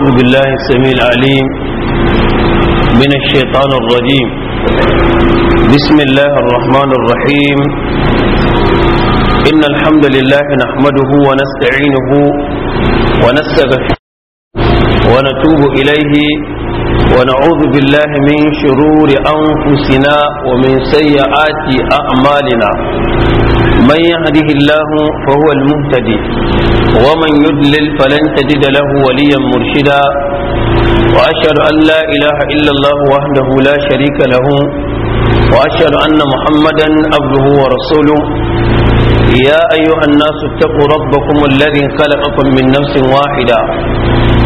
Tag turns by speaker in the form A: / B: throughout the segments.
A: أعوذ بالله السميع العليم من الشيطان الرجيم بسم الله الرحمن الرحيم إن الحمد لله نحمده ونستعينه ونستغفره ونتوب إليه ونعوذ بالله من شرور أنفسنا ومن سيئات أعمالنا من يهده الله فهو المهتدي ومن يدلل فلن تجد له وليا مرشدا وأشهد أن لا إله إلا الله وحده لا شريك له وأشهد أن محمدا عبده ورسوله يا أيها الناس اتقوا ربكم الذي خلقكم من نفس واحدة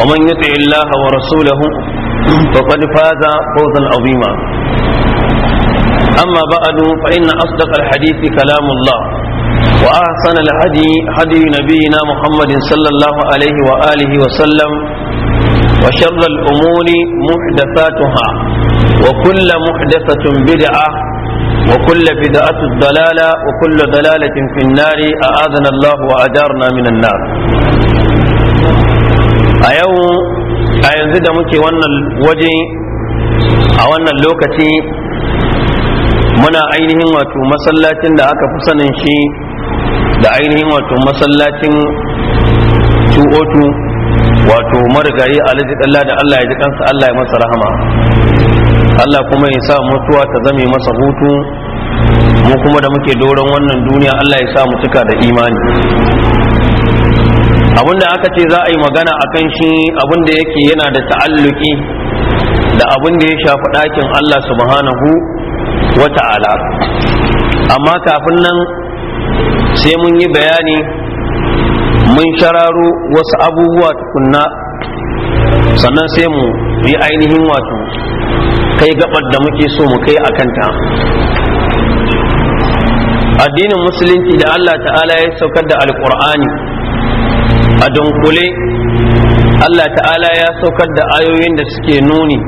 A: ومن يطع الله ورسوله فقد فاز فوزا عظيما أما بعد فإن أصدق الحديث كلام الله وأحسن الهدي هدي نبينا محمد صلى الله عليه وآله وسلم وشر الأمور محدثاتها وكل محدثة بدعة وكل بدعة ضلالة وكل ضلالة في النار أعاذنا الله وأجارنا من النار a yau a yanzu da muke wannan waje a wannan lokaci muna ainihin wato masallacin da aka fi sanin shi da ainihin wato masallacin 202 wato marigayi alhaji Allah da Allah ya ji kansa Allah ya masa rahama Allah kuma ya sa mutuwa ta zame masa hutu mu kuma da muke doron wannan duniya Allah ya sa mu cika da imani abinda aka ce za a yi magana a kan shi abinda yake yana da ta'alluki da abinda ya shafi ɗakin Allah subhanahu wa ta'ala amma kafin nan sai mun yi bayani mun shararo wasu abubuwa tukunna sannan sai mu yi ainihin wato kai gabar da muke so mu kai a kanta addinin musulunci da Allah ta'ala ya saukar da alkur'ani a dunkule Allah ta'ala ya saukar da ayoyin da suke nuni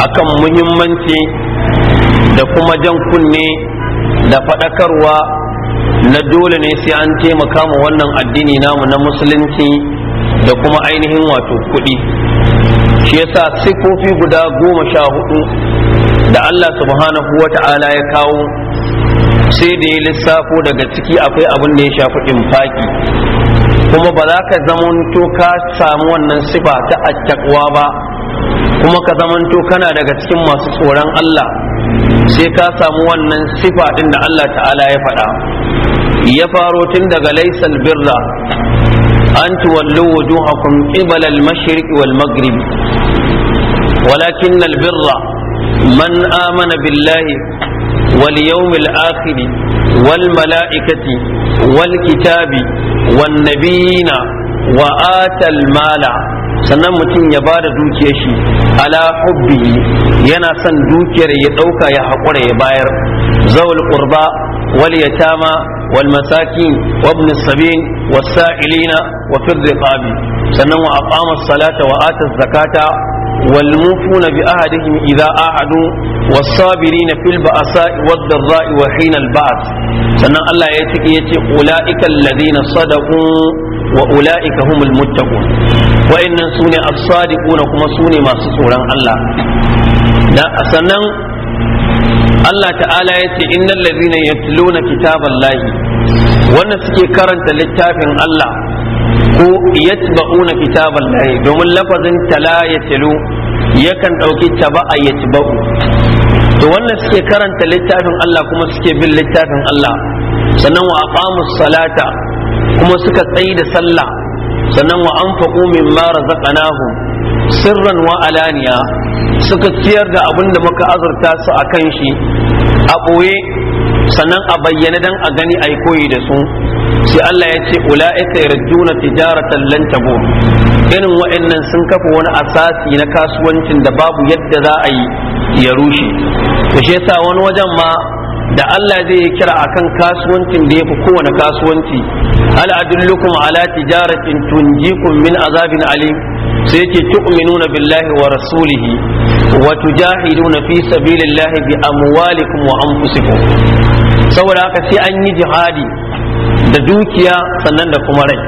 A: akan muhimmanci da kuma jan kunne da faɗakarwa na dole ne sai an taimaka ma wannan addini namu na musulunci da kuma ainihin wato kuɗi shi yasa kofi guda goma sha hudu da Allah subhanahu wa ta'ala ya kawo sai da ya lissafo daga ciki akwai abin da ya shafi infaki kuma ba za ka zamanto ka samu wannan sifa ta attaqwa ba kuma ka zamanto kana daga cikin masu tsoron Allah sai ka samu wannan sifa din da Allah ta'ala ya faɗa ya faro tun daga laisal birra an tuwallu wujuhakum qibala al-mashriq wal maghrib walakin al-birra man amana billahi wal yaumil akhir wal mala'ikati wal kitabi wan nabiyina wa mala sannan mutum ya ba da dukiyar shi ala hubbi yana son dukiyar ya ɗauka ya haƙura ya bayar zawul qurba wal yatama wal masakin wa ibn sabin was sa'ilina wa fir riqabi sannan wa aqama salata wa ata zakata والموفون بأهدهم إذا أهدوا والصابرين في البأساء والضراء وحين البعث سنة الله يتي أولئك الذين صدقوا وأولئك هم المتقون وإن سوني الصادقون كما سوني ما سسوران الله سنة Allah ta'ala ya ce innal ladhina yatluna kitaballahi wannan suke karanta littafin Allah ko na kitabal lahi domin lafazin tala yatlu yakan dauki taba'a yatba'u to wannan suke karanta littafin Allah kuma suke bin littafin Allah sannan wa aqamus salata kuma suka tsayi da sallah sannan wa anfaqu mimma razaqnahum sirran wa alaniya suka ciyar da abin da muka azurta su a kan shi a ɓoye sannan a bayyana dan a gani a yi koyi da su sai Allah ya ce ula'ika yarjuna tijaratan lan tabur irin wa'annan sun kafa wani asasi na kasuwancin da babu yadda za a yi ya rushe to shi yasa wani wajen ma da Allah zai yi kira akan kasuwancin da yafi kowane kasuwanci hal adullukum ala tijaratin tunjikum min azabin alim sai yake tu'minuna billahi wa rasulihi wa tujahiduna fi sabilillahi bi amwalikum wa anfusikum saboda haka sai an yi jihadi da dukiya sannan da kuma rai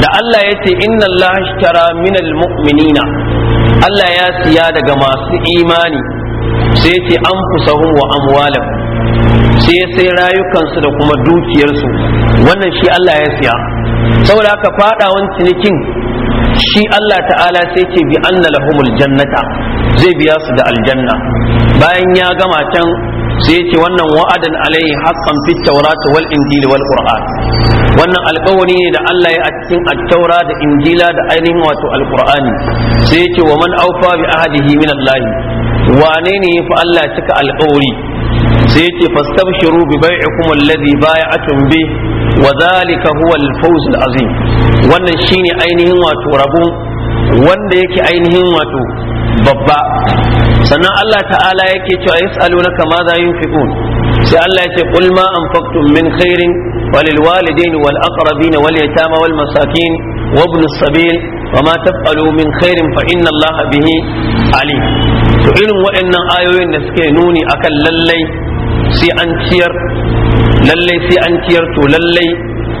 A: da Allah ya ce inna Allah ashtara minal mu'minina Allah ya siya daga masu imani sai ya anfusahum wa amwalahum sai sai rayukansu da kuma dukiyarsu wannan shi Allah ya siya saboda haka fadawan cinikin shi Allah ta'ala sai ce bi anna lahumul jannata zai biya su da aljanna bayan ya gama can sai ce wannan wa'adan alaihi haqqan fit tawrat wal injil wal qur'an wannan alƙawari ne da Allah ya a cikin Attaura da injila da ainihin wato alqur'ani sai ce wa man awfa bi ahadihi min Allah wane ne yafi Allah cika alƙawari sai ce fastabshiru bi bai'ikum alladhi bai'atum bi wa zalika huwa al-fawz al-azim wannan shine ainihin wato rabu wanda yake ainihin wato babba sannan Allah ta'ala yake cewa yas'alunaka ma za yunfiqun sai Allah yake qul ma anfaqtum min khairin وللوالدين والأقربين واليتامى والمساكين وابن السبيل وما تفعلوا من خير فإن الله به عليم to irin waɗannan ayoyin da suke nuni akan lallai sai an ciyar lallai sai an ciyar to lallai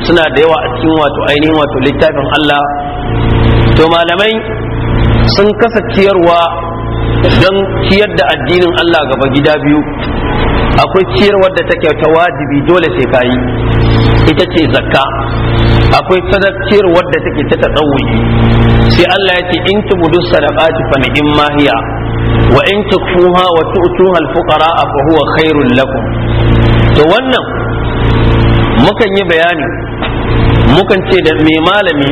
A: suna da yawa a cikin wato ainihin wato littafin Allah to malamai sun kasa ciyarwa don ciyar da addinin Allah gaba gida biyu akwai ciyarwar da take ta wajibi dole sai ka ita ce zakka akwai sadakciyarwar da take ta tsawoyi sai Allah ya ce in tubudu sadaqati fa ni'ma hiya wa in tukfuha wa tu'tuha al-fuqara fa huwa khairul lakum to wannan mukan yi bayani mukan ce da mai malami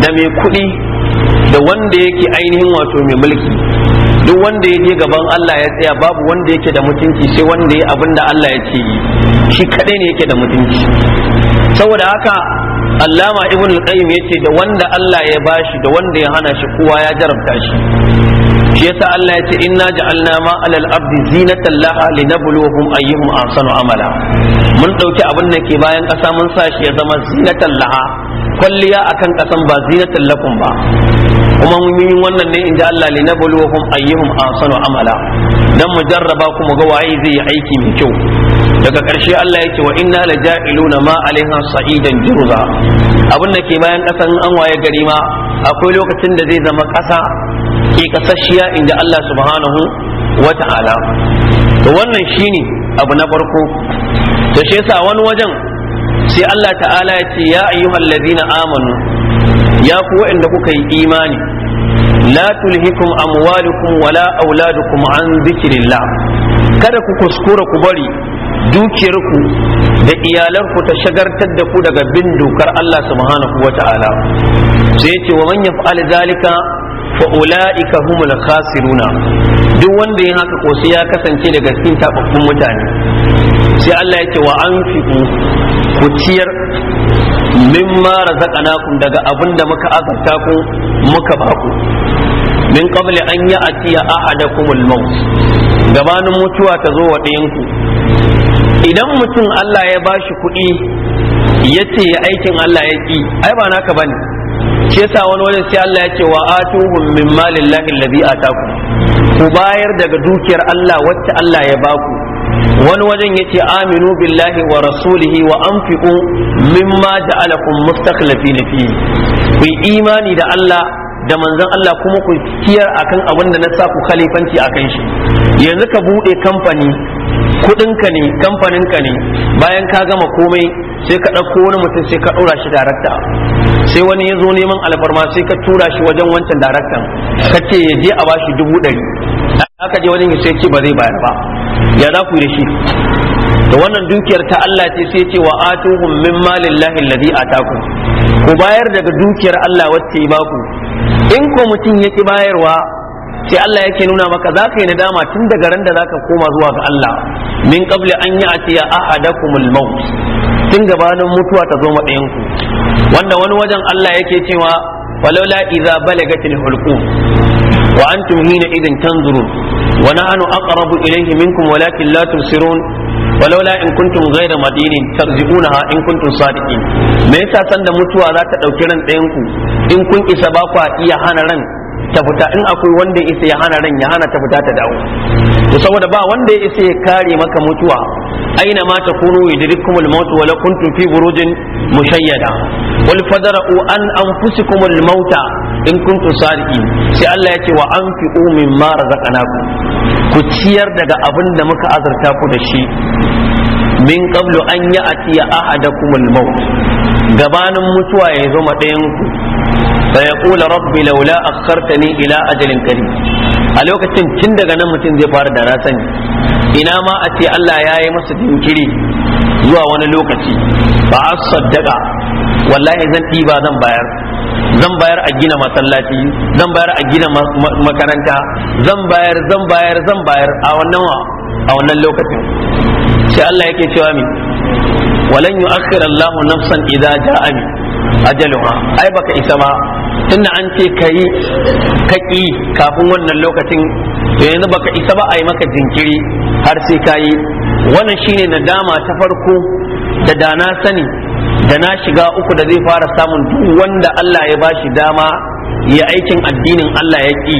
A: da mai kuɗi da wanda yake ainihin wato mai mulki duk wanda ya je gaban Allah ya tsaya babu wanda yake da mutunci sai wanda ya abinda Allah ya ce yi shi kadai ne yake da mutunci saboda haka allama ibn al-qayyim yace da wanda Allah ya bashi da wanda ya hana shi kowa ya jarabta shi shi yasa Allah ya ce inna ja'alna ma alal ardi zinatan laha linabluwahum ayyuhum ahsanu amala mun dauki abin da ke bayan kasa mun sa shi ya zama zinatan laha kwalliya akan kasan ba zinatan lakum ba kuma mun yi wannan ne inda Allah linabluwahum ayyuhum ahsanu amala dan mu jarraba kuma ga waye zai yi aiki mai kyau daga ƙarshe Allah yake wa inna la ja'iluna ma alaiha sa'idan juruza abin da ke bayan ƙasan an waye gari ma akwai lokacin da zai zama ƙasa ke ƙasashiya inda Allah subhanahu wa ta'ala to wannan shine abu na farko da shi yasa wani wajen sai Allah ta'ala ya ce ya ayyuhal ladina amanu ya ku waɗanda kuka yi imani la tulhikum amwalukum wala kuma an dhikrillah kada ku kuskura ku bari dukiyarku da iyalanku ta shagartar da ku daga bin dokar Allah subhanahu wa ta'ala sai yace wa man yaf'al zalika fa ulaika humul khasiruna duk wanda yin haka ko sai ya kasance daga cikin tababbun mutane sai Allah yace wa anfiqu ku ciyar mimma razaqnakum daga abin da muka azurta ku muka ba ku? min qabli an ya'tiya ahadakumul maut gabanin mutuwa ta zo wa ɗayanku idan mutum Allah ya bashi kuɗi ya ce ya aikin Allah ya ƙi ai ba naka bane ce yasa wani wajen sai Allah ya ce wa atuhum min malillahi allazi ataku ku bayar daga dukiyar Allah wacce Allah ya baku wani wajen ya ce aminu billahi wa rasulihi wa anfiqu mimma ja'alakum mustakhlifin fi ku imani da Allah da manzon Allah kuma ku ciyar akan abin da na sa ku khalifanci akan shi yanzu ka bude kamfani kudinka ne kamfaninka ne bayan ka gama komai sai ka ɗauko wani mutum sai ka ɗora shi darakta sai wani ya zo neman alfarma sai ka tura shi wajen wancan daraktan ka ce ya je a bashi dubu ɗari aka je wajen sai ce ba zai bayar ba ya za ku yi da shi da wannan dukiyar ta Allah ce sai ce wa atuhum min malillahi alladhi ataku ku bayar daga dukiyar Allah wacce ya baku in ko mutum yaki bayarwa sai Allah yake nuna maka za ka yi nadama tun daga ran da za ka koma zuwa ga Allah min qabli an yi atiya ahadakumul maut tun gabanin mutuwa ta zo maɗayanku wanda wani wajen Allah yake cewa Falola idza balagatil hulqum wa antum hina idin Wani wa nahnu aqrabu ilayhi minkum walakin la tusirun walaula in kuntum ghayra madinin tarji'unaha in kuntum sadiqin me yasa sanda mutuwa za ta dauki ran ku in kun isa ba iya hana ran ta fita in akwai wanda ya isa ya hana ran ya hana ta fita ta dawo to saboda ba wanda ya isa ya kare maka mutuwa aina ma takunu yudrikum al-maut wa la kuntum fi burujin mushayyada wal fadra'u an anfusikum al-maut in kuntum sadiqin sai Allah ya ce wa anfiqu mimma razaqnakum ku ciyar daga abin da muka azurta ku da shi min qablu an ya'tiya ahadakum al-maut gabanin mutuwa ya zo ɗayan ku fa yaqulu rabbi laula akhartani ila ajalin qarib a lokacin tun daga nan mutum zai fara da na sani ina ma a ce Allah ya yi masa jinkiri zuwa wani lokaci ba a saddaka wallahi zan ɗiba zan bayar zan bayar a gina masallaci zan bayar a gina makaranta zan bayar zan bayar zan bayar a wannan a wannan lokacin sai Allah yake cewa mi walan yu'akhkhir Allahu nafsan idza ja'a ajaluha ai baka isa ba tunda an ce kai ka kafin wannan lokacin yanzu baka isa ba ai maka jinkiri har sai kayi wannan shine nadama ta farko da da na sani da na shiga uku da zai fara samun duk wanda Allah ya bashi dama ya aikin addinin Allah ya ki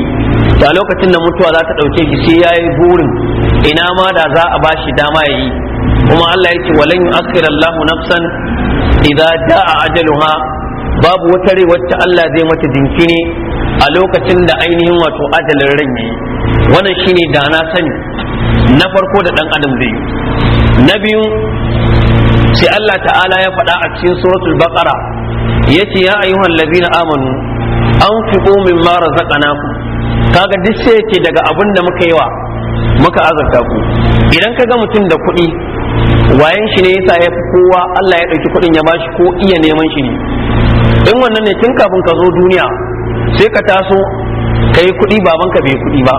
A: to lokacin da mutuwa za ta ɗauke shi sai ya yi burin ina ma da za a bashi dama ya yi kuma Allah ya ce walan yu'akhir Allahu nafsan idza jaa ajaluha babu wata rai wacce Allah zai mata jinkiri a lokacin da ainihin wato ajalin ran yayi wannan ne da na sani na farko da dan adam zai na biyu sai Allah ta'ala ya faɗa a cikin suratul baqara yace ya ayyuhal ladina amanu anfiqu mimma razaqnakum kaga duk sai yake daga abin da muka yi wa muka azurta ku idan ka ga mutum da kuɗi wayan shi ne yasa ya fi kowa Allah ya ɗauki kuɗin ya shi ko iya neman shi ne in wannan ne tun kafin ka zo duniya sai ka taso ka yi kuɗi babanka bai kuɗi ba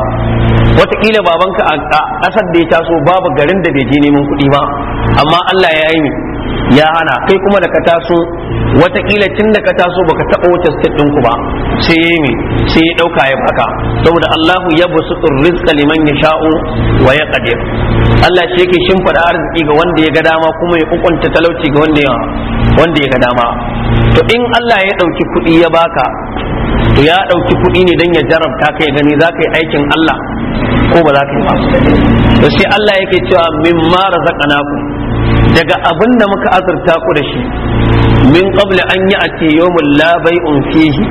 A: wataƙila babanka a ƙasar da ya taso babu garin da bai je neman kuɗi ba amma Allah ya yi ya hana kai kuma da ka taso watakila tun da ka taso baka taɓa wata ɗin ɗinku ba sai ya mi sai ya ɗauka ya faka saboda Allahu ya basu rizqa liman ya sha'u wa ya qadir Allah shi yake shimfada arziki ga wanda ya ga dama kuma ya kukunta talauci ga wanda ya wanda ya ga dama to in Allah ya ɗauki kuɗi ya baka to ya ɗauki kuɗi ne don ya jarabta kai gani za ka yi aikin Allah ko ba za ka yi ba to sai Allah yake cewa mimma razaqnakum daga abin da muka azurta ku da shi min qabla an yi a ce yawmul la fihi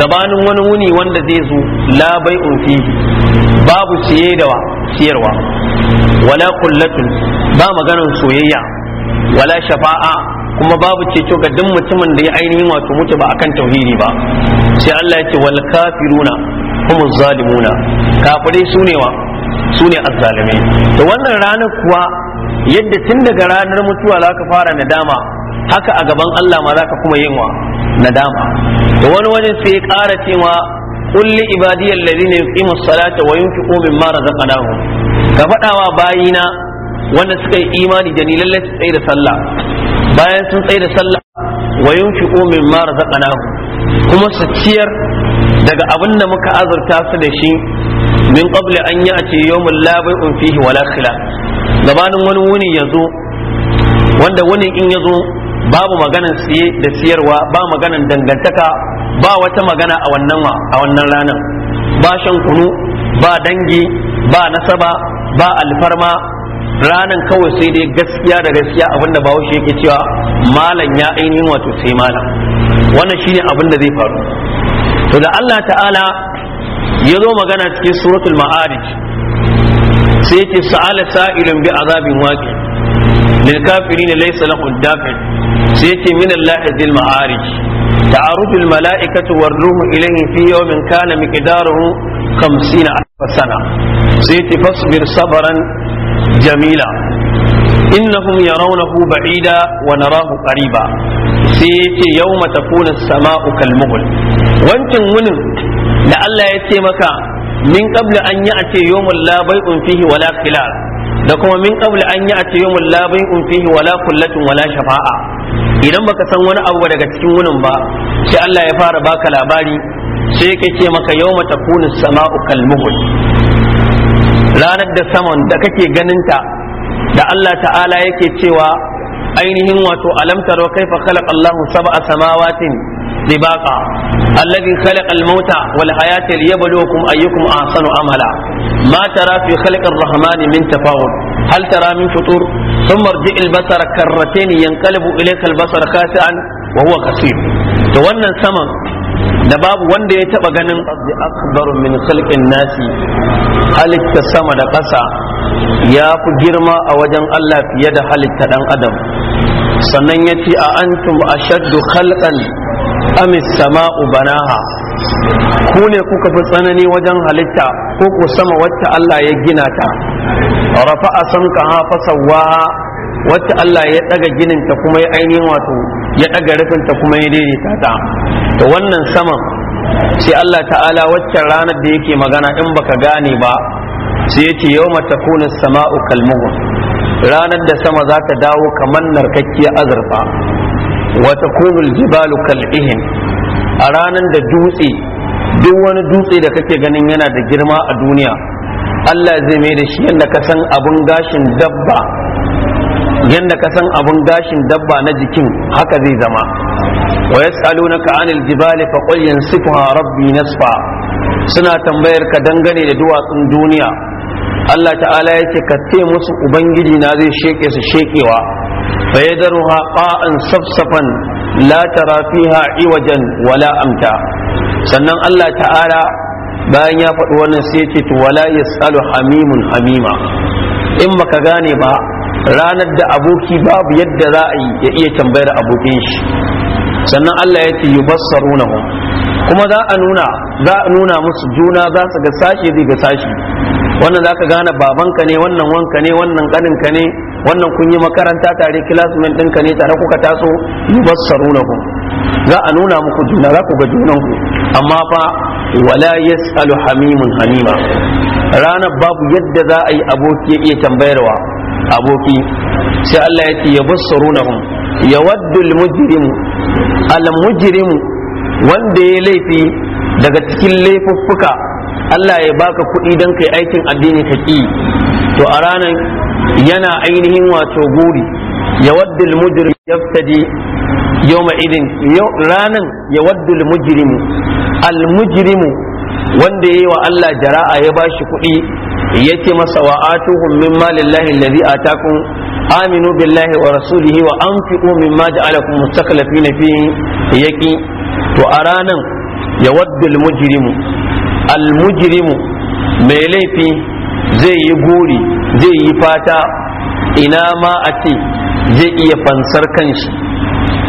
A: gabanin wani wuni wanda zai zo labai bai'un fihi babu siye da siyarwa wala kullatun ba maganin soyayya wala shafa'a kuma babu ceto ga duk mutumin da ya ainihin wato mutu ba akan tauhidi ba sai Allah ya ce wal kafiruna humu zalimuna kafirai su wa sune ne to wannan ranar kuwa yadda tun daga ranar mutuwa za ka fara nadama haka a gaban Allah ma za ka kuma yin wa nadama da wani wajen sai ya ƙara cewa kulli ibadiyal ladina yuqimus salata wa yunfiqu mimma razaqnahum ka faɗawa bayina wanda suka yi imani da ni lallai su tsaye da sallah bayan sun tsaye da sallah wa yunfiqu mimma razaqnahum kuma su ciyar daga abin da muka azurta su da shi min qabli an ya'ti yawmul labai bai'un fihi wala khilaf gabanin wani wuni ya zo wanda wani in ya zo babu maganan siye da siyarwa ba maganan dangantaka ba wata magana a wannan a wannan ranar ba shan kunu ba dangi ba nasaba ba alfarma ranan kawai sai dai gaskiya da gaskiya abinda bahaushe yake cewa malam ya ainihin wato sai malam wannan shine abin da zai faru to da Allah ta'ala yazo magana cikin suratul ma'arij sai yake sa'ala sa'ilun bi azabin waqi lil kafirin laysa lahu dafi sai yake min Allah zil ma'arij ta'arudu al mala'ikatu war ruhu ilayhi fi yawmin kana miqdaruhu 50 alf sana sai yake fasbir sabran jamila innahum yarawnahu ba'ida wa narahu qariba sai yace yawma takunu as-sama'u kal Wancan wancin wunin da Allah ya ce maka min qabli an yi a ce yawmul la bai'un fihi wala khilal da kuma min qabli an yi a ce yawmul la bai'un fihi wala kullatun wala shafa'a idan baka san wani abu daga cikin wunin ba sai Allah ya fara baka labari sai yake ce maka yawma takunu sama'u kalmuhul ranar da saman da kake ganinta da Allah ta'ala yake cewa ainihin wato alam taro kaifa khalaqa Allah sab'a samawatin dibaqa alladhi khalaqa al-mauta wal hayata liyabluwakum ayyukum ahsanu amala ma tara fi khalqi ar-rahman min tafawut hal tara min futur thumma irji' al-basara karratayn yanqalibu ilayka al-basara khasi'an wa wannan saman da babu wanda ya taba ganin qaddi akbaru min khalqin nasi halitta sama da ƙasa ya fi girma a wajen Allah fiye da halitta dan adam sannan ya ce a antum ashaddu khalqan am samau banaha ku ne kuka fi tsanani wajen halitta ko ku sama wacce Allah ya gina ta rafa'a samkaha fa sawwaha wacce Allah ya daga ginin ta kuma ya ainihin wato ya daga rufin ta kuma ya daidaita ta wannan saman sai Allah ta'ala waccan ranar da yake magana in baka gane ba sai yace yau takunu sama'u kalmuhun ranar da sama za ta dawo kamar narkakkiyar azurfa wata takunu aljibalu kal'ihin a ranar da dutse duk wani dutse da kake ganin yana da girma a duniya Allah zai mai da shi yadda ka san abin gashin dabba yadda ka san abun gashin dabba na jikin haka zai zama wa na Ka'anil jibali fa qul yansifuha rabbi nasfa suna tambayar ka dangane da duwatsun duniya Allah ta'ala yake ka ce musu ubangiji na zai sheke su shekewa fa yadruha qa'an safsafan la tara fiha iwajan wala amta sannan Allah ta'ala bayan ya faɗi wannan sai ya ce wala yasalu hamimun hamima in baka gane ba ranar da aboki babu yadda za a yi ya iya tambayar abokin shi sannan Allah ya ce kuma za a nuna za a nuna musu juna za su ga sashi zai ga sashi wannan za ka gane babanka ne wannan wanka ne wannan kaninka ne wannan kun yi makaranta tare classmate ɗinka ne tare kuka taso yubassarunahum za a nuna muku juna za ku ga junanku amma fa wala yasalu hamimun hanima ranar babu yadda za a yi aboki ya iya tambayarwa aboki sai Allah ya ce Ya yawaddul mujrimu al mujrimu wanda ya laifi daga cikin laifuffuka Allah ya baka kuɗi don kai aikin addini ka ki to a ranar yana ainihin wato guri yawaddul mujrim yaftadi yawma idin ranan yawaddul mujrimu al wanda yayi wa Allah jara'a ya bashi kuɗi yake masa wa atuhum min malillahi alladhi atakum aminu billahi wa rasulihi wa anfiqu mimma ja'alakum mustaklifina fi yaki to a ranan yawaddu al almujrimu mai laifi zai yi guri zai yi fata ina ma a ce zai iya fansar kanshi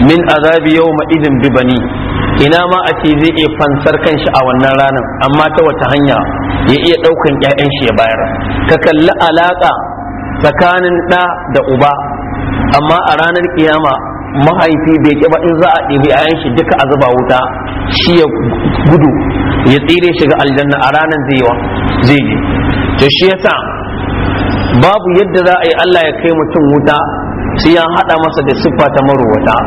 A: min azabi yawma idin bibani ina ma a ce zai iya fansar kanshi a wannan ranar amma ta wata hanya ya iya ɗaukan 'ya'yan shi ya bayar ka kalli alaƙa tsakanin ɗa da uba amma a ranar kiyama mahaifi bai ƙi in za a ɗibi 'ya'yan shi duka a zuba wuta shi ya gudu ya tsire shiga aljanna a ranar zai zai je to shi yasa babu yadda za a yi Allah ya kai mutum wuta sai ya hada masa da siffa ta maruwata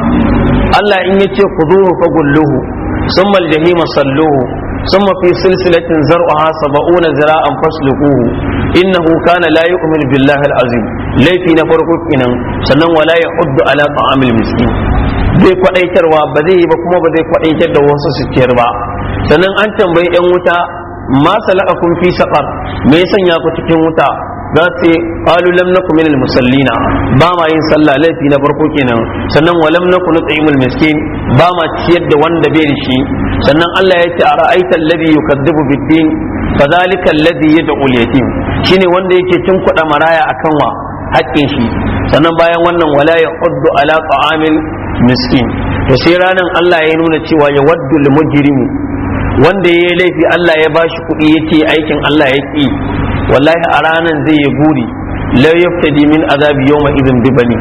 A: Allah in yace khuduhu gulluhu summa aljahima salluhu summa fi silsilatin zar'uha sab'una zira'an fasluquhu innahu kana la yu'minu billahi alazim laifi na farko kinan sannan wala ya'uddu ala ta'amil miskin bai kwadaitarwa ba zai yi ba kuma ba zai kwadaitar da wasu su ciyar ba sannan an tambayi yan wuta ma salaka kun fi saqar me ya sanya ku cikin wuta za su ce qalu lam nakum minal musallina ba ma yin sallah laifi na farko kenan sannan wa lam nakum nut'imul miskin ba ma ciyar da wanda bai da shi sannan Allah ya ce a ra'aita alladhi yukaddibu bid-din fadhalika alladhi yad'u al-yatim shine wanda yake cin kuɗa maraya akan wa haƙƙin shi sannan bayan wannan wala ya ala ta'amin miskin to sai ranan Allah ya nuna cewa ya waddu al-mujrimu wanda ya laifi Allah ya bashi kuɗi yake aikin Allah ya wallahi a ranan zai yi buri la dimin min azabi yawma izin bi bani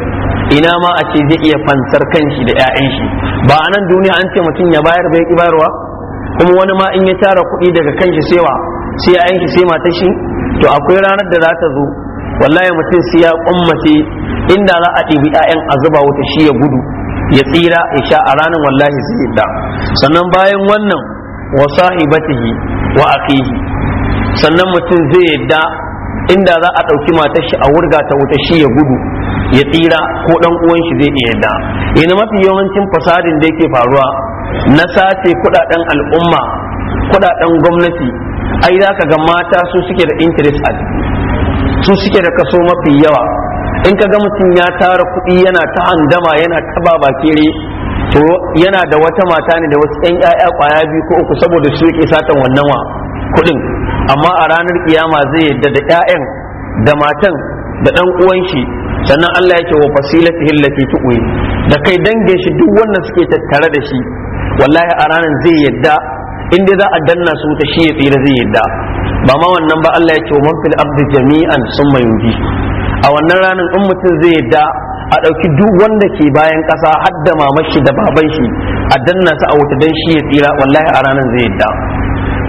A: ina ma a ce zai iya fansar kanshi da ƴaƴan shi ba a nan duniya an ce mutum ya bayar bai ki bayarwa kuma wani ma in ya tara kuɗi daga kanshi sai sai ƴaƴan shi sai matar shi to akwai ranar da za ta zo wallahi mutum sai ya kummace inda za a ɗibi ƴaƴan a zuba wuta shi ya gudu ya tsira ya sha a ranar wallahi zai da sannan bayan wannan wa sahibatihi wa akhihi sannan mutum zai yadda inda za a ɗauki matar shi a wurga ta wuta shi ya gudu ya tsira ko ɗan uwan shi zai iya yadda ina mafi yawancin fasadin da yake faruwa na sace kuɗaɗen al'umma kuɗaɗen gwamnati ai za ka ga mata su suke da interest a su suke da kaso mafi yawa in ka ga mutum ya tara kuɗi yana ta handama yana taba bakere to yana da wata mata ne da wasu 'yan 'ya'ya kwaya biyu ko uku saboda su yake satan wannan wa Kudin amma a ranar kiyama zai yadda da 'ya'yan da matan da ɗan uwan shi sannan Allah yake wa fasilatihi allati tuwi da kai dange shi duk wannan suke tattare da shi wallahi a ranar zai yadda inda za a danna su ta shi ya tsira zai yadda ba ma wannan ba Allah yake wa man fil abdi jami'an summa yunji a wannan ranar in mutum zai yadda a ɗauki duk wanda ke bayan ƙasa hadda mamashi da babanshi a danna su a wuta dan shi ya tsira wallahi a ranar zai yadda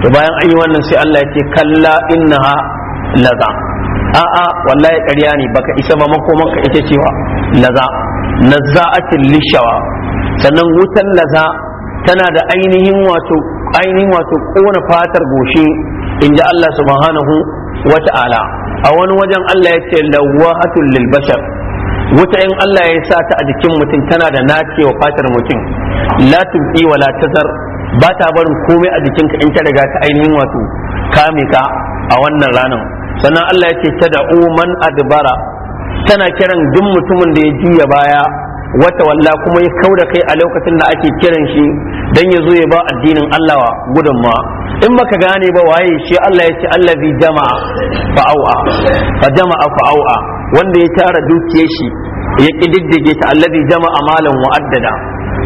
A: to bayan an yi wannan sai Allah ya ce kalla innaha laza a'a wallahi ƙarya ne baka isa ba ka ita cewa laza nazza'atin lishawa sannan wutan laza tana da ainihin wato ainihin wato kona fatar goshi inda Allah subhanahu wa ta'ala a wani wajen Allah ya ce lawahatul lil bashar wuta in Allah ya sa ta a jikin mutum tana da wa fatar mutum la tubqi wa la tazar ba ta barin komai a jikinka in ta riga ta ainihin wato kame ka a wannan ranar sannan Allah ya ce ta da man adbara tana kiran duk mutumin da ya juya baya wata walla kuma ya kauda kai a lokacin da ake kiran shi dan ya zo ya ba addinin Allah wa gudunma in baka gane ba waye shi Allah ya ce allazi jama'a fa au'a fa jama'a fa au'a wanda ya tara dukiyar shi ya kididdige ta allazi jama'a malan wa'addada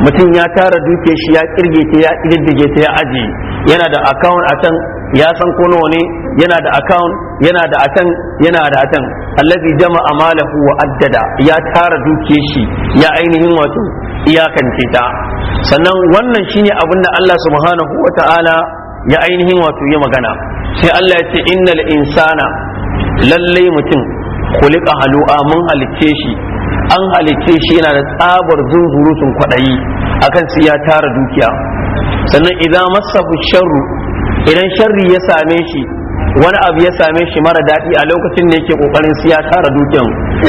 A: mutum ya tara duke shi ya kirge ta ya kirge ta ya aji yana da account a can ya san ko nawa ne yana da account yana da atan yana da atan allazi jama'a malahu wa addada ya tara duke shi ya ainihin wato iyakance ta sannan wannan shine abin da Allah subhanahu wa ta'ala ya ainihin wato ya magana sai Allah ya ce innal insana lallai mutum khuliqa halu'a mun halice shi an halicce shi yana da tsabar zunzurutun kwaɗayi akan su ya tara dukiya sannan idan masafu sharru idan sharri ya same shi wani abu ya same shi mara daɗi a lokacin da yake ƙoƙarin siya tara dukiyan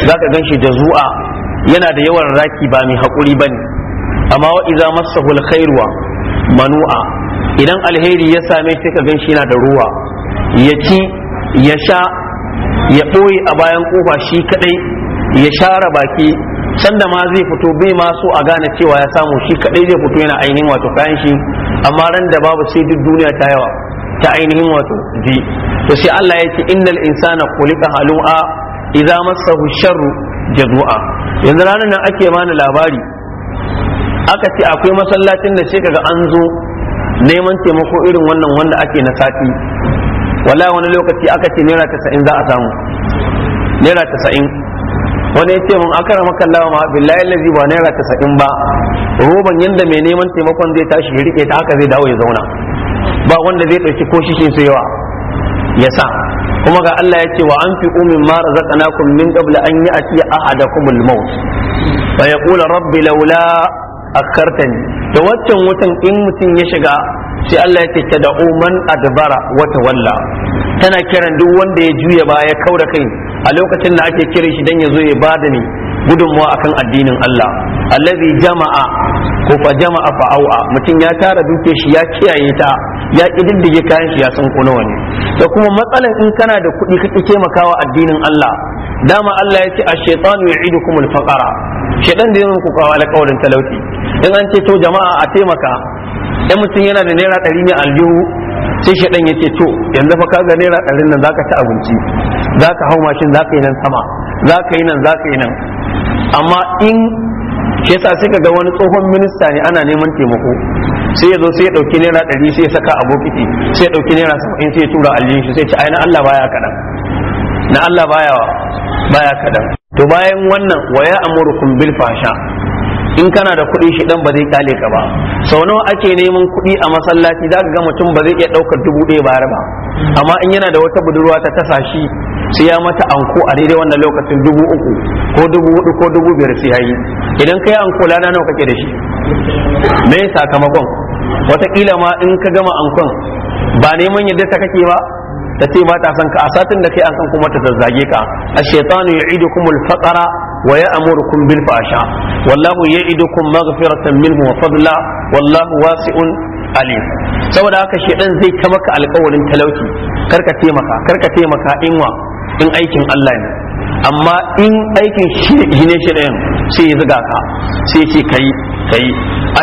A: za ka gan shi jazu'a yana da yawan raki ba mai haƙuri ba ne amma wa idan masafu alkhairuwa manu'a idan alheri ya same shi ka gan shi yana da ruwa ya ci ya sha ya ɓoye a bayan ƙofa shi kaɗai ya share baki sanda ma zai fito bai ma so a gane cewa ya samu shi kadai zai fito yana ainihin wato kayan shi amma ran da babu sai duk duniya ta yawa ta ainihin wato ji to sai Allah ya ce innal insana khuliqa halu'a idza massahu sharru jazua yanzu ranar nan ake mana labari aka ce akwai masallacin da sai kaga an zo neman taimako irin wannan wanda ake na sati wala wani lokaci aka ce naira 90 za a samu naira wani ya ce mun akara maka Allah ma billahi allazi ba naira 90 ba roban yanda mai neman taimakon zai tashi rike ta haka zai dawo ya zauna ba wanda zai dauki ko shi sai yawa ya sa kuma ga Allah ya ce wa an fi umin ma razaqnakum min qabla an ya'ti ahadakumul maut fa kula rabbi laula akartani da waccan wutan in mutum ya shiga sai Allah ya ce tad'u man adbara wa tawalla tana kiran duk wanda ya juya baya kaura kai a lokacin da ake kire shi dan ya zo ya bada ni gudunmawa akan addinin Allah allazi jama'a ko fa jama'a fa au'a mutum ya tara duke shi ya kiyaye ta ya kididdige kayan shi ya san ko nawa da kuma matsalan in kana da kuɗi ka taimakawa addinin Allah dama Allah ya ce ash shaytan yu'idukum al-faqara shedan da kuka kawo alƙawarin talauci in an ce to jama'a a taimaka dan mutum yana da naira ɗari ne aljihu sai shaɗan ya ce to yanzu fa kaga naira ɗarin nan zaka ci abinci zaka hau mashin zaka yi nan sama zaka yi nan zaka yi nan amma in ke sa sai ga wani tsohon minista ne ana neman taimako sai ya zo sai ya dauki naira ɗari sai ya saka a bokiti sai ya dauki naira saba'in sai ya tura aljihun shi sai ce ai na Allah baya kaɗan na Allah baya baya kaɗan to bayan wannan waya ya amurukum bil fasha in kana da kuɗi shi dan ba zai kyale ka ba sau nawa ake neman kuɗi a masallaci za ka ga mutum ba zai iya ɗaukar dubu ɗaya ba ba amma in yana da wata budurwa ta tasa shi sai ya mata anko a daidai wannan lokacin dubu uku ko dubu hudu ko dubu biyar sai yayi idan kai anko lana nawa kake da shi me sakamakon wataƙila ma in ka gama ankon ba neman yadda ta kake ba ta ce ba ta san ka a satin da kai an san kuma ta zazzage ka ash-shaytanu kuma faqra wa ya'murukum bil fahsha wallahu ya'idukum maghfiratan minhu wa fadla wallahu wasi'un alim saboda haka shedan zai ta maka alƙawarin talauci karka taimaka karka taimaka inwa in aikin Allah ne amma in aikin shi ne shi ɗayan sai ya zuga ka sai ce kai kai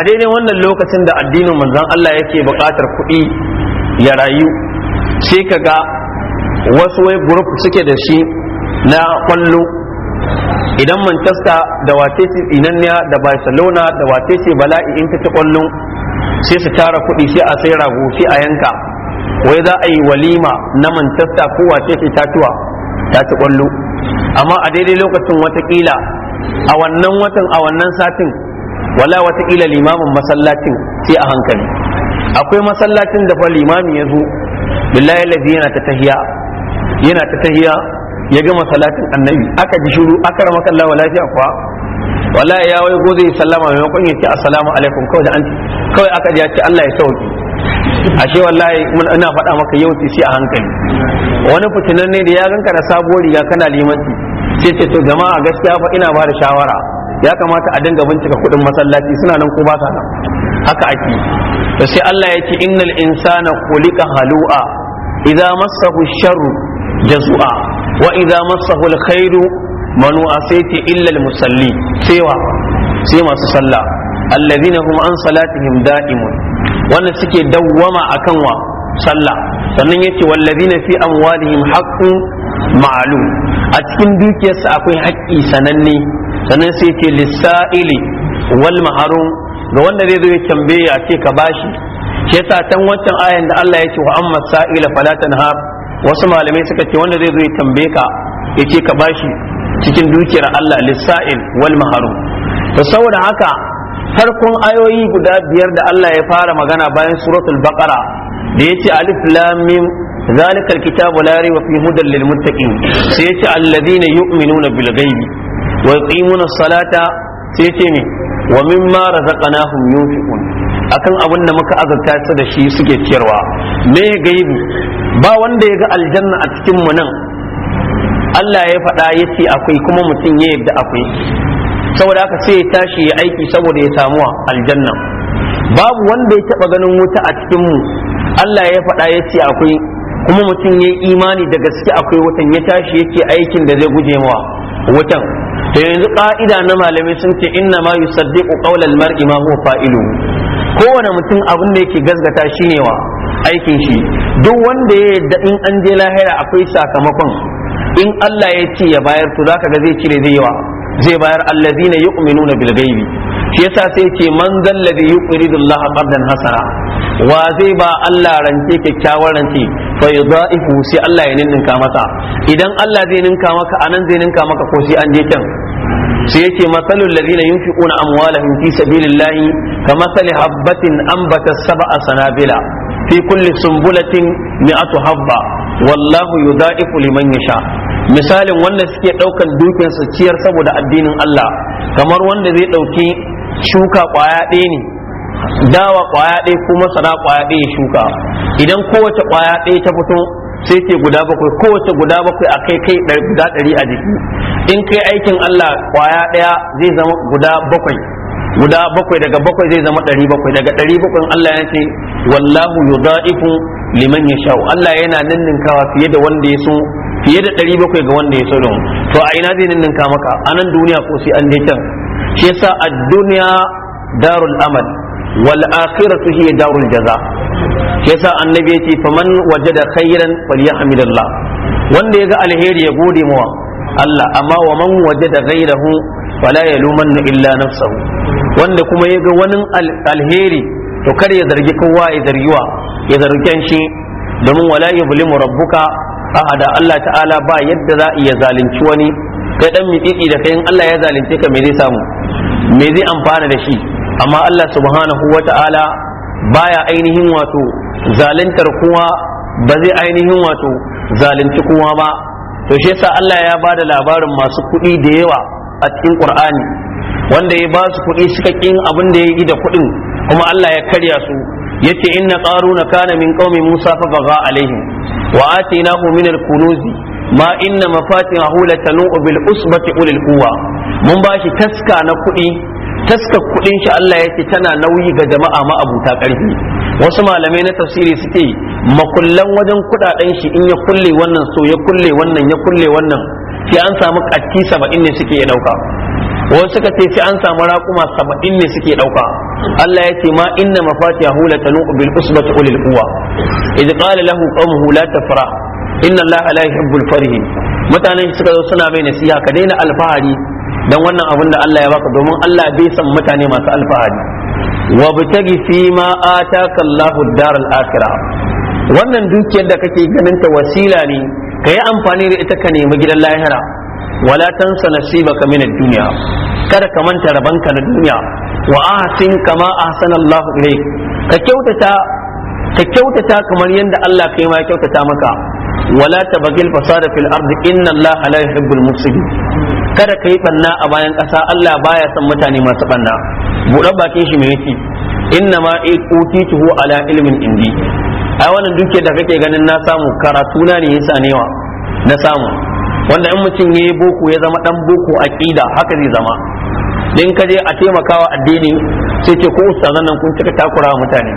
A: a daidai wannan lokacin da addinin manzon Allah yake buƙatar kuɗi ya rayu sai ka ga wasu wai group suke da shi na kwallo idan manchester da wace ce inanniya da barcelona da wace ce bala'i in fita kwallon kwallo sai su tara kuɗi sai a sai rago sai a yanka wai za a yi walima na manchester ko wace ce ta ciwa ta ci kwallo amma a daidai lokacin watakila a wannan watan a wannan satin wala watakila limamin masallacin sai a hankali akwai masallacin da fa limami ya zo billahi lazi yana ta tahiya yana ta tahiya ya gama salatin annabi aka ji shuru aka rama kalla wa lafiya kuwa wallahi ya wai goze ya sallama maimakon ya ce assalamu alaikum kawai da an kawai aka ji ya ce Allah ya sauki ashe wallahi mun ina faɗa maka yau sai a hankali wani fitinan ne da ya ganka da sabuwar riga kana limanci sai ce to jama'a gaskiya fa ina ba da shawara ya kamata a dinga bincika kuɗin masallaci suna nan ko ba sa nan haka ake to sai Allah ya ce innal insana khuliqa halu'a idza massahu sharru jazua wa idza massahu alkhairu manu'a sai ce illa almusalli sewa sai masu sallah alladhina hum an salatihim da'imun wannan suke dawwama akan wa sallah sannan yace walladhina fi amwalihim haqqun ma'lum a cikin dukiyarsa akwai haƙƙi sananne sannan sai ce lissa'ili wal maharum ga wanda zai zo ya tambaye a ce ka bashi shi yasa tan wancan ayan da Allah ya ce wa amma sa'ila fala tanhab wasu malamai suka ce wanda zai zo ya tambaye ka ya ce ka bashi cikin dukiyar Allah lissa'il wal maharum to saboda haka farkon ayoyi guda biyar da Allah ya fara magana bayan suratul baqara da yace alif lam mim zalikal kitabu la rayba fi hudan lil muttaqin sai yace alladhina yu'minuna bil ghaibi wa yuqimuna salata sai yace ne wa mimma razaqnahum yunfiqun akan abin da muka azurta su da shi suke ciyarwa me gaibi ba wanda ya ga aljanna a cikin mu nan Allah ya faɗa ya ce akwai kuma mutum ya yadda akwai saboda haka sai ya tashi ya aiki saboda ya samu aljanna babu wanda ya taɓa ganin wuta a cikin mu Allah ya faɗa ya ce akwai kuma mutum ya imani da gaske akwai wutan ya tashi yake aikin da zai guje wa wutan yanzu ka'ida na malamai sun ce inna ma sadi qawlal mar'i ma huwa fa'ilu kowane mutum abin da yake gazgata shine wa aikin shi duk wanda ya yadda in an je lahira akwai sakamakon in Allah ya ce ya bayar to zaka ga zai cire zai wa? zai bayar alladhina yu'minuna bil ghaibi shi yasa sai ce man zal ladhi yuqridu Allah qardan hasana wa zai ba Allah rance kyakkyawar rance fa yudha'ifu sai Allah ya ninka masa idan Allah zai ninka maka anan zai ninka maka ko sai an je can sai yace masalul ladina yunfiquna amwalahum fi sabilillahi kamathali habbatin anbatat sab'a sanabila fi kulli sumbulatin mi'atu habba wallahu yudha'ifu liman yasha misalin wanda suke daukan su ciyar saboda addinin Allah kamar wanda zai dauki shuka kwaya ɗaya ne dawa kwaya ɗaya ko masana kwaya ɗaya shuka idan kowace kwaya ɗaya ta fito sai ce guda bakwai kowace guda bakwai a kai kai guda ɗari a jiki in kai aikin Allah kwaya ɗaya zai zama guda bakwai guda bakwai daga bakwai zai zama ɗari bakwai daga ɗari bakwai Allah ya ce wallahu yudaifu liman yasha'u Allah yana ninninkawa fiye da wanda ya so fiye da ɗari bakwai ga wanda ya so don to a ina zai ninninka maka a nan duniya ko sai an je can shi yasa a duniya darul amal wal akhiratu hiya darul jaza yasa annabi yace faman wajada khairan falyahmidillah wanda ga alheri ya gode mawa Allah amma wa man wajada ya luman yalumannu illa nafsahu wanda kuma yaga wani alheri to kar ya zargi kowa ya zari zargiwa ya zargi shi domin wala yuzlimu rabbuka ahada Allah ta'ala ba yadda za iya zalunci wani kai ɗan mitsi da kai in Allah ya zalunce ka me zai samu me zai amfana da shi amma Allah subhanahu wa ta'ala baya ainihin wato zaluntar kowa ba zai ainihin wato zalunci kowa ba to shi yasa Allah ya ba da labarin masu kuɗi da yawa a cikin Ƙur'ani? wanda ya ba su kuɗi suka kin abin da ya yi da kuɗin kuma Allah ya karya su yace inna qaruna kana min qaumi musa fa baga alaihim wa atainahu min al-kunuzi ma inna mafatihahu latanu bil usbati ulil quwwa mun bashi taska na kuɗi taska kudin shi Allah ya tana nauyi ga jama'a ma ma'abuta karfi wasu malamai na tafsiri suke makullan wajen kudaden shi in ya kulle wannan so ya kulle wannan ya kulle wannan sai an samu katti saba'in ne suke ya dauka wasu suka ce sai an samu raƙuma saba'in ne suke dauka Allah ya ce ma inna mafatihahu la tanu bil usbati ulil quwa idza qala lahu qawmuhu la tafra inna Allah la yuhibbul farih mutanen suka zo suna mai nasiha ka daina alfahari dan wannan abin da Allah ya baka domin Allah bai san mutane masu alfahari wa bitagi fi ma ataka Allahu wannan dukiyar da kake ganin ta wasila ne ka yi amfani da ita ka nemi gidan lahira wala tansa nasibaka min ad-dunya kada ka manta rabanka na duniya wa ahsin kama ahsana Allah ilayk ka kyautata ka kyautata kamar yadda Allah kai ma ya kyautata maka wala tabagil fasada fil ardi inna allaha la yuhibbul mufsidin kada kai banna a bayan kasa, Allah baya son mutane masu banna buɗe bakin shi me yake inna ma utituhu ala ilmin indi ai wannan duke da kake ganin na samu karatu na ne yasa newa na samu wanda in mutum ya boko ya zama dan boko aqida haka zai zama din kaje a taimakawa addini sai ce ko ustazan nan kun cika takura mutane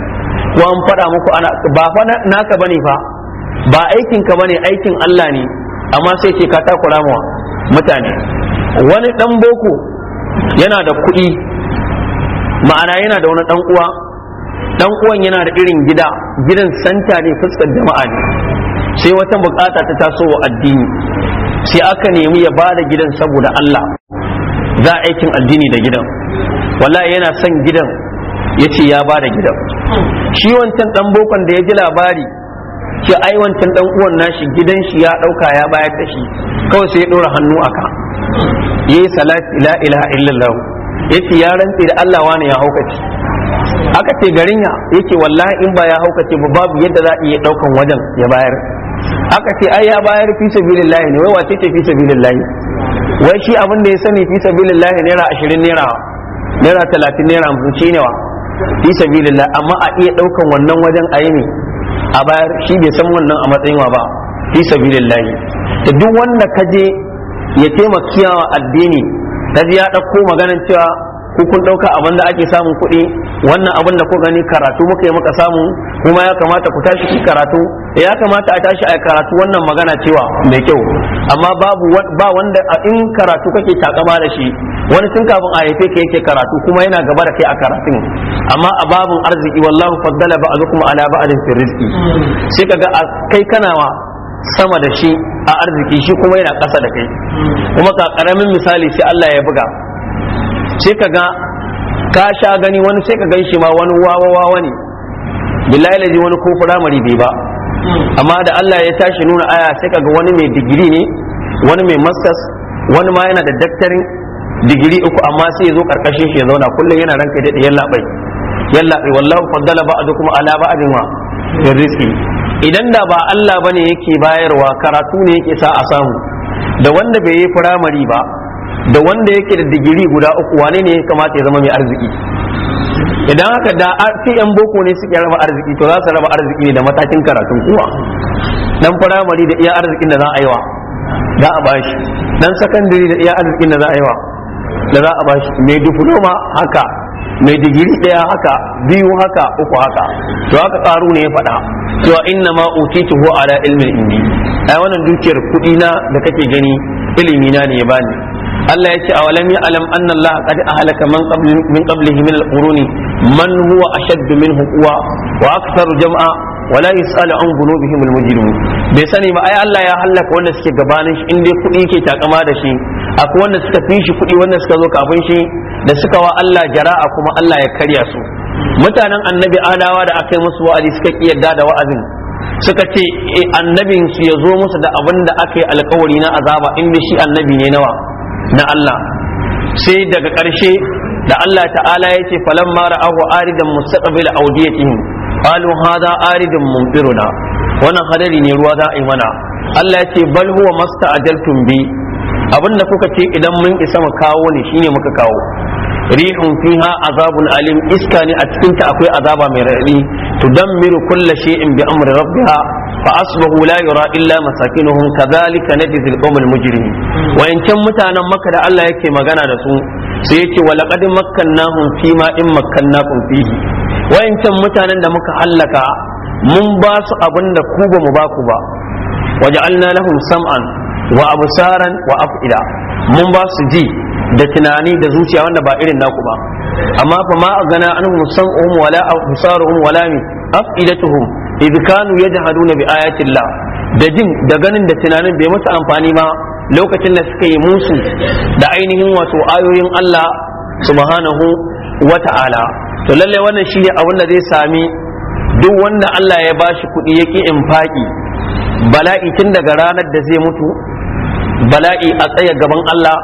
A: ko an faɗa muku ana ba fa naka bane fa ba aikin ka bane aikin Allah ne amma sai ce ka takura mawa mutane wani dan boko yana da kuɗi ma'ana yana da wani dan uwa dan uwan yana da irin gida gidan santa ne fuskar jama'a ne sai wata bukata ta taso wa addini sai aka nemi ya bada da gidan saboda Allah za aikin addini da gidan wallahi yana son gidan ya ce ya bada gidan shi wancan dan bokon da ya ji labari shi ai dan uwan nashi gidan shi ya dauka ya bayar da shi kawai sai ya dora hannu aka yayi salati la ilaha illallah yace ya rantsi da Allah wani ya haukace aka ce garin ya yake wallahi in ba ya haukace ba babu yadda za a iya daukan wajen ya bayar aka ce ai ya bayar fi sabilillah ne wai wace ce fi sabilillah wai shi abin da ya sani fi sabilillahi naira 20 naira naira 30 naira 50 ne wa fi sabilillah amma a iya daukan wannan wajen ayi ne a bayar shi bai san wannan a matsayin wa ba fi sabilillahi da duk wanda kaje ya taimaki wa addini kaji ya ɗauko maganan cewa ko kun dauka abin da ake samun kuɗi wannan abin da ku gani karatu muka yi muka samu kuma ya kamata ku tashi ki karatu ya kamata a tashi a karatu wannan magana cewa mai kyau amma babu ba wanda in karatu kake takama da shi wani tun kafin a haife ka yake karatu kuma yana gaba da kai a karatun amma a babun arziki wallahu faddala ba'dukum ala ba'din fi rizqi sai kaga kai kana sama da shi a arziki shi kuma yana kasa da kai kuma ka karamin misali sai Allah ya buga sai ka ga ka sha gani wani sai ka shi ma wani wawawa ne billahi laji wani ko firamare bai ba amma da Allah ya tashi nuna aya sai ka ga wani mai digiri ne wani mai masters wani ma yana da daktarin digiri uku amma sai ya zo karkashin shi ya zauna kullum yana ranka da yan labai yan labai wallahu faddala ba'dukum ala ba'din wa rizqi idan da ba Allah bane yake bayarwa karatu ne yake sa a samu da wanda bai yi firamare ba da wanda yake da digiri guda uku wane ne kamata ya zama mai arziki idan haka da yan boko ne suke raba arziki to za su raba arziki ne da matakin karatun kuwa. dan firamare da iya arzikin da za a yi wa za a bashi dan sakandare da iya arzikin da za a yi wa da za a bashi mai diploma haka mai digiri daya haka biyu haka uku haka to haka karu ne ya faɗa cewa inna ma utituhu ala ilmin indi ai wannan dukiyar kuɗi na da kake gani ilimi na ne ya bani Allah ya ce a walam ya alam anna Allah qad ahlaka man qabli min qablihi min al-quruni man huwa ashadd minhu quwa wa aktharu jam'a wa la yas'alu an dhunubihim al bai sani ba ai Allah ya halaka wanda suke gabanin shi inda kuɗi yake takama da shi akwai wanda suka fi shi kuɗi wanda suka zo kafin shi da suka wa Allah jara'a kuma Allah ya karya su mutanen annabi adawa da aka yi musu wa'azi suka ki yarda da wa'azin suka ce eh, annabin su ya zo musu da abin da aka yi alkawari na azaba in shi annabi ne nawa na Allah sai daga ƙarshe da Allah ta'ala ya ce falan mara ahu aridan mustaqbil awdiyatihim qalu hadha aridin mumtiruna wannan hadari ne ruwa za a yi mana Allah ya ce bal huwa masta'ajaltum bi abinda kuka ce idan mun isa mu kawo ne shine muka kawo rihun fiha azabun alim iska ne a cikin ta akwai azaba mai raɗi tudammiru kulli shay'in bi amri rabbiha fa asbahu la yura illa masakinuhum kadhalika najzi al-qawm al-mujrimin wayancan mutanen maka da Allah yake magana da su sai yake wa laqad makkannahum fi ma in makkannakum fihi wayancan mutanen da muka hallaka mun ba su abin da ku mu ba wa wa af'ida mun ba su ji da tunani da zuciya wanda ba irin naku ba amma fa ma an anhum sam'uhum wala absaruhum wala afidatuhum idh kanu yajhaduna bi llah da jin da ganin da tunanin bai musu amfani ba lokacin da suka yi musu da ainihin wato ayoyin Allah subhanahu wa ta'ala to lalle wannan shine abin da zai sami duk wanda Allah ya bashi kuɗi ya yake infaki bala'i tun daga ranar da zai mutu bala'i a tsaya gaban Allah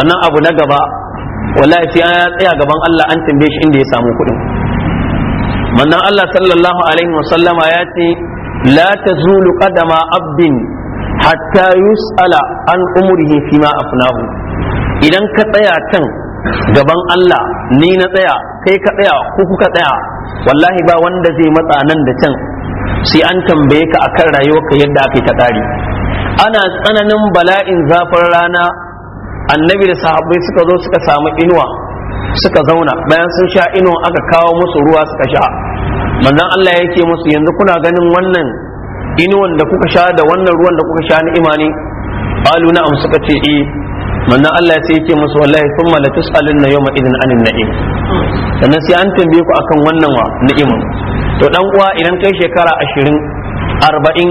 A: sannan abu na gaba wallahi sai ya tsaya gaban Allah an tambaye shi inda ya samu kuɗin mannan Allah sallallahu alaihi wasallama ya ce la tazulu qadama abdin hatta yus'ala an umrihi fima afnahu idan ka tsaya can gaban Allah ni na tsaya kai ka tsaya ko kuka tsaya wallahi ba wanda zai matsa nan da can sai an tambaye ka akan rayuwarka yadda aka ta tsari ana tsananin bala'in zafin rana annabi da sahabbai suka zo suka samu inuwa suka zauna bayan sun sha ino aka kawo musu ruwa suka sha manzon Allah ya ke musu yanzu kuna ganin wannan inuwan da kuka sha da wannan ruwan da kuka sha ni imani qalu na'am suka ce eh manzon Allah sai ya ce musu wallahi thumma la tus'alunna yawma idin anin na'im sannan sai an tambaye ku akan wannan wa ni'imin to dan uwa idan kai shekara 20 40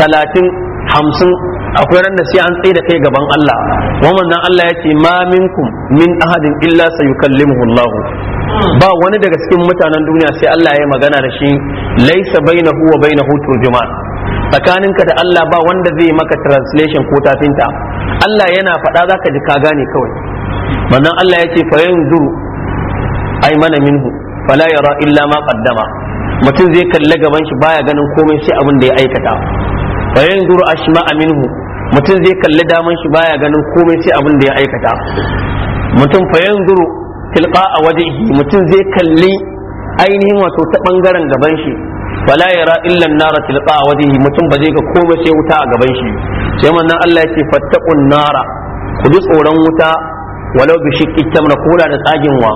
A: 30 50 akwai ran da sai an tsaye da kai gaban Allah Wannan manzon Allah ya ce ma minkum min ahadin illa sayukallimuhu Allah ba wani daga cikin mutanen duniya sai Allah ya magana da shi laisa bainahu wa bainahu turjuman tsakaninka da Allah ba wanda zai maka translation ko tafinta Allah yana faɗa zaka ji ka gane kawai Wannan Allah ya ce fa yanzuru ai mana minhu fala yara illa ma qaddama mutum zai kalli gaban shi baya ganin komai sai abin da ya aikata fa yanzuru ashma minhu mutum zai kalli daman shi baya ganin komai sai abin da ya aikata mutum fa yanzuru tilqa a wajehi mutum zai kalli ainihin wato ta bangaren gaban shi fala yara illa nara tilqa a waje mutum ba zai ga komai sai wuta a gaban shi sai manan Allah yake fattaqun nara ku ji tsoron wuta walau bi shiqqi tamra kula da tsagin wa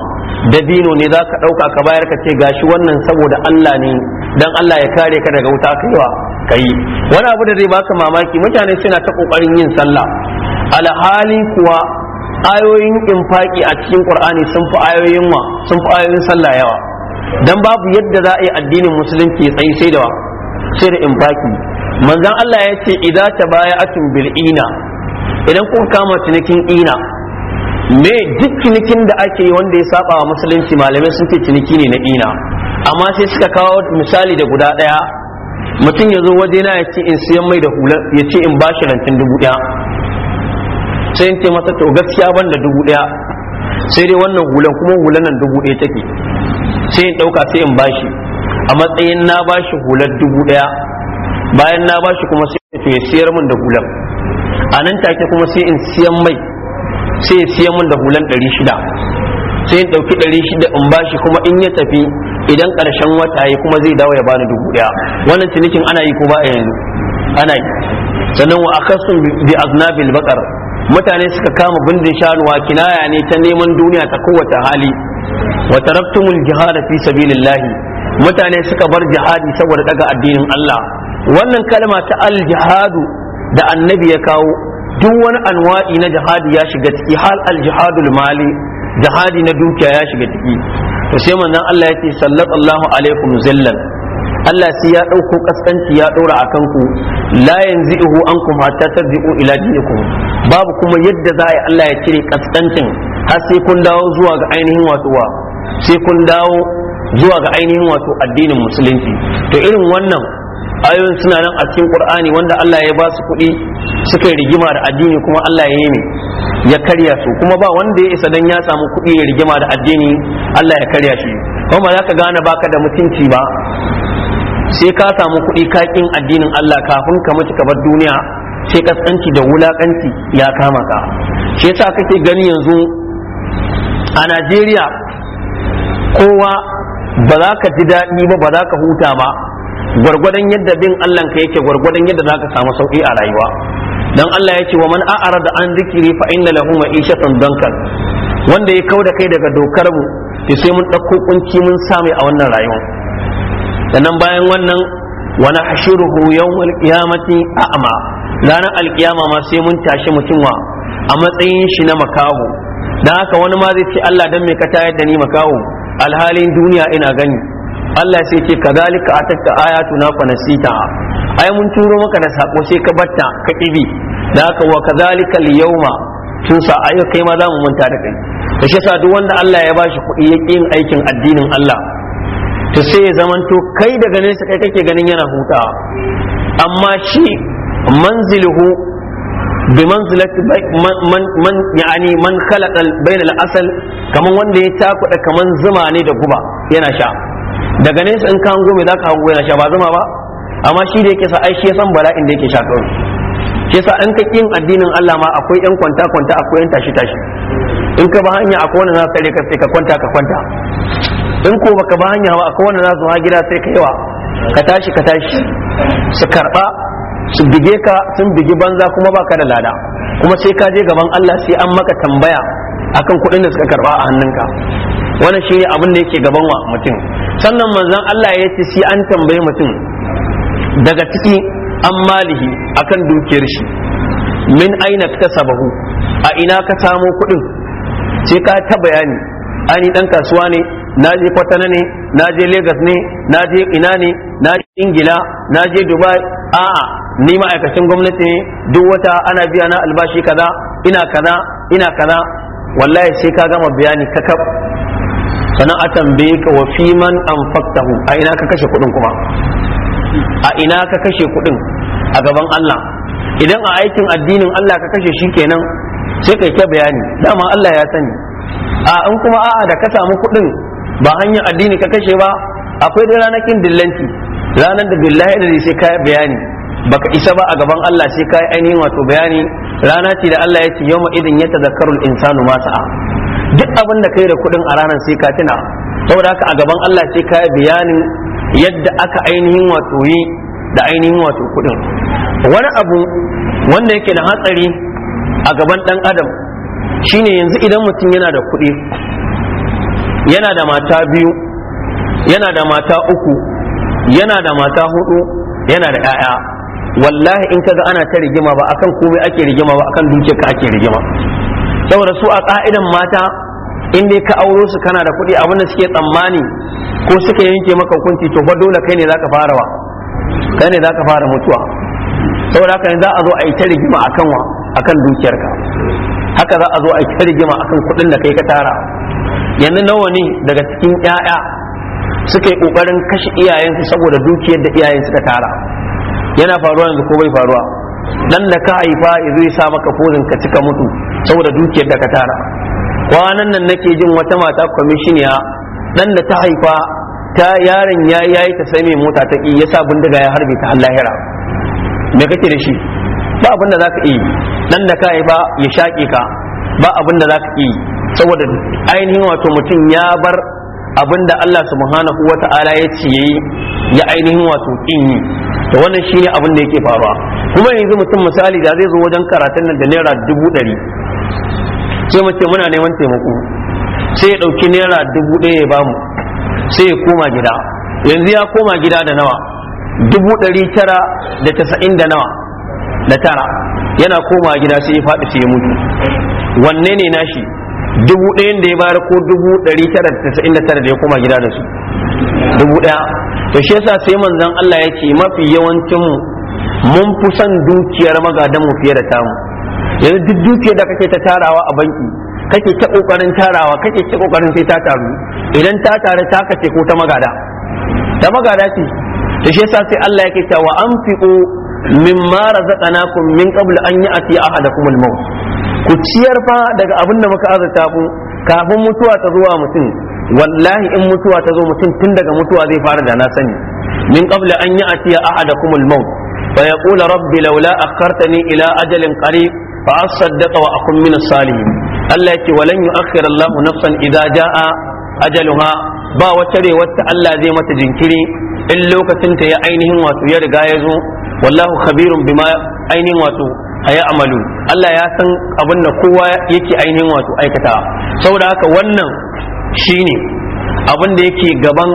A: dabino ne zaka ɗauka ka bayar ka ce gashi wannan saboda Allah ne dan Allah ya kare ka daga wuta kaiwa kai wani abu da zai baka mamaki mutane suna ta kokarin yin sallah alhali kuwa ayoyin infaki a cikin qur'ani sun fi ayoyin wa sun fi ayoyin sallah yawa dan babu yadda za a yi addinin musulunci ya tsayi sai da wa sai da infaki manzon Allah ya ce idza tabaya'atun bil ina idan kuka kama cinikin ina me duk cinikin da ake yi wanda ya saba wa musulunci malamai sun ce ciniki ne na dina amma sai suka kawo misali da guda daya mutum ya zo waje na ya ce in siyan mai da hular ya ce in bashi rancin dubu daya sai in ce masa to gaskiya ban da dubu daya sai dai wannan hulan kuma hulan nan dubu daya take sai in dauka sai in bashi a matsayin na bashi hular dubu daya bayan na bashi kuma sai to ya siyar min da hular a nan take kuma sai in siyan mai sai ya siya mun da hulan ɗari shida sai in ɗauki ɗari shida in bashi kuma in ya tafi idan ƙarshen wata ya kuma zai dawo ya bani dubu ɗaya wannan cinikin ana yi ko ba a yanzu ana yi sannan wa akasun bi aznabil bakar mutane suka kama bindin shanuwa kinaya ne ta neman duniya ta kowace hali wa taraktumul jihad fi sabilillah mutane suka bar jihadi saboda daga addinin Allah wannan kalma ta al jihadu da annabi ya kawo duk wani anwa'i na jihadi ya shiga ciki hal al jihadul mali jihadi na dukiya ya shiga ciki to sai manzon Allah yake sallallahu alaikum zillan Allah sai ya dauko kaskanci ya daura akan ku la yanzihu ankum hatta tarji'u ila dinikum babu kuma yadda za a Allah ya cire kaskancin har sai kun dawo zuwa ga ainihin wato wa sai kun dawo zuwa ga ainihin wato addinin musulunci to irin wannan ayoyin suna nan a cikin qur'ani wanda Allah ya ba su kuɗi suka rigima da addini kuma Allah ya yi ne ya karya su kuma ba wanda ya isa dan ya samu kuɗi ya rigima da addini Allah ya karya shi kuma ba za ka gane baka da mutunci ba sai ka samu kuɗi kakin addinin Allah kafin ka mutu ka bar duniya sai kasanci da wulakanci ya kama ka shi yasa kake gani yanzu a Najeriya kowa ba za ka ji daɗi ba ba za ka huta ba gwargwadon yadda bin Allah ka yake gwargwadon yadda za ka samu sauki a rayuwa Don Allah ya ce wa man da an zikiri fa inna lahu ma'ishatan dankan wanda ya kauda kai daga dokar mu to sai mun dauko kunci mun same a wannan rayuwa sannan bayan wannan wa nahshuruhu yawmal qiyamati a'ma ranar alkiyama ma sai mun tashi mutum wa a matsayin shi na makaho dan haka wani ma zai ce Allah dan me ka tayar da ni makaho alhalin duniya ina gani Allah sai ce kazalika atatka ayatuna fa nasita ai mun turo maka da sako sai ka batta ka kibi da haka wa kazalika al-yawma tun sa ayo kai ma za mu manta da kai to shi duk wanda Allah ya bashi kuɗi ya yin aikin addinin Allah to sai ya zamanto kai daga nesa kai kake ganin yana hutawa amma shi manziluhu bi man man yani man khalaqa bainal asal kaman wanda ya takuda kaman zuma ne da guba yana sha daga nesa in ka hango mai ka hango yana sha ba zama ba amma shi da yake sa ai shi ya san bala'in da yake sha shi sa in ka kin addinin Allah ma akwai yan kwanta kwanta akwai yan tashi tashi in ka ba hanya akwai wanda za su tare ka sai ka kwanta ka kwanta in ko baka ba hanya ba akwai wanda za su ha gida sai ka yawa ka tashi ka tashi su karɓa su bige ka sun bigi banza kuma baka da lada kuma sai ka je gaban Allah sai an maka tambaya akan kuɗin da suka karɓa a hannunka wannan shine abin da yake gaban wa mutum sannan manzon Allah ya ce sai an tambayi mutum daga ciki an malihi akan dukiyar shi min aina kasabahu a ina ka samo kuɗin sai ka ta bayani ani dan kasuwa ne na je kwatana ne na je lagos ne na je ina ne na je ingila na je dubai a'a ni ma'aikacin gwamnati ne duk wata ana biya na albashi kaza ina kaza ina kaza wallahi sai ka gama bayani kakab sannan a tambaye ka wa fiman an faktahu a ina ka kashe kuɗin kuma a ina ka kashe kuɗin a gaban Allah idan a aikin addinin Allah ka kashe shi kenan sai kai ke bayani dama Allah ya sani a in kuma a'a da ka samu kuɗin ba hanyar addini ka kashe ba akwai da ranakin dillanci ranar da billahi da sai ka bayani baka isa ba a gaban Allah sai ka ainihin wato bayani rana ce da Allah ya ce yawma idin ya tazakkarul insanu ma sa'a duk abin da kai da kuɗin a ranar sai ka tuna saboda haka a gaban Allah sai ka bayanin yadda aka ainihin wato yi da ainihin wato kuɗin wani abu wanda yake da hatsari a gaban ɗan adam shine yanzu idan mutum yana da kuɗi yana da mata biyu yana da mata uku yana da mata hudu yana da 'ya'ya wallahi in kaga ana ta rigima ba akan komai ake rigima ba akan ka ake rigima saboda su a ƙa'idan mata in dai ka auro su kana da kuɗi abinda suke tsammani ko suka yanke maka hukunci to fa dole kai ne ka fara wa kai ne za ka fara mutuwa saboda haka za a zo a yi ta rigima akan wa akan dukiyarka haka za a zo a yi ta rigima akan kuɗin da kai ka tara yanzu nawa ne daga cikin 'ya'ya suka yi ƙoƙarin kashe iyayensu saboda dukiyar da iyayen suka tara yana faruwa yanzu ko bai faruwa dan da ka haifa izo ya sa maka fozin ka cika mutu saboda dukiyar da ka tara kwanan nan nake jin wata mata kwamishiniya dan da ta haifa ta yaron ya yi ta sai mai mota ta ki ya sa bindiga ya harbe ta lahira me kake da shi ba abin da zaka yi dan da ka haifa ya shaƙe ka ba abin da zaka yi saboda ainihin wato mutum ya bar Abin da Allah subhanahu ta'ala ya ce yayi ya ainihin wato kin yi to wannan shine abin da yake faruwa kuma yanzu mutum misali da zai zo wajen karatun nan da naira dubu ɗari sai mu ce muna neman taimako sai ya ɗauki naira dubu ɗaya ya bamu sai ya koma gida yanzu ya koma gida da nawa dubu ɗari tara da tasa'in da tara yana koma gida sai ya faɗi sai ya mutu wanne ne nashi dubu ɗaya da ya bayar ko dubu ɗari tara da tasa'in da tara da ya koma gida da su dubu ɗaya to shi yasa sai manzon Allah ya ce mafi yawancin mu mun fi son dukiyar magadan mu fiye da tamu yanzu duk dukiyar da kake ta tarawa a banki kake ta kokarin tarawa kake ta kokarin sai ta taru idan ta taru ta kace ko ta magada ta magada ce to shi yasa sai Allah ya ce wa anfiqu mimma razaqnakum min qabl an ya'ti ahadakum al-maut ku ciyar fa daga abin da muka azurta ku kafin mutuwa ta zuwa mutum wallahi in mutuwa ta zo mutum tun daga mutuwa zai fara da na sani min qabla an yi atiya ahadakum al-maut fa yaqulu rabbi laula akhartani ila ajalin qarib fa asaddaqa wa akun min as-salihin Allah yake walan yu'akhkhir Allah nafsan idza jaa ajaluha ba wata wata Allah zai mata jinkiri in lokacin ta ya ainihin wato ya riga ya zo wallahu khabirun bima ainihin wato a amalu Allah ya san abin da kowa yake ainihin wato aikata saboda haka wannan shine abin da yake gaban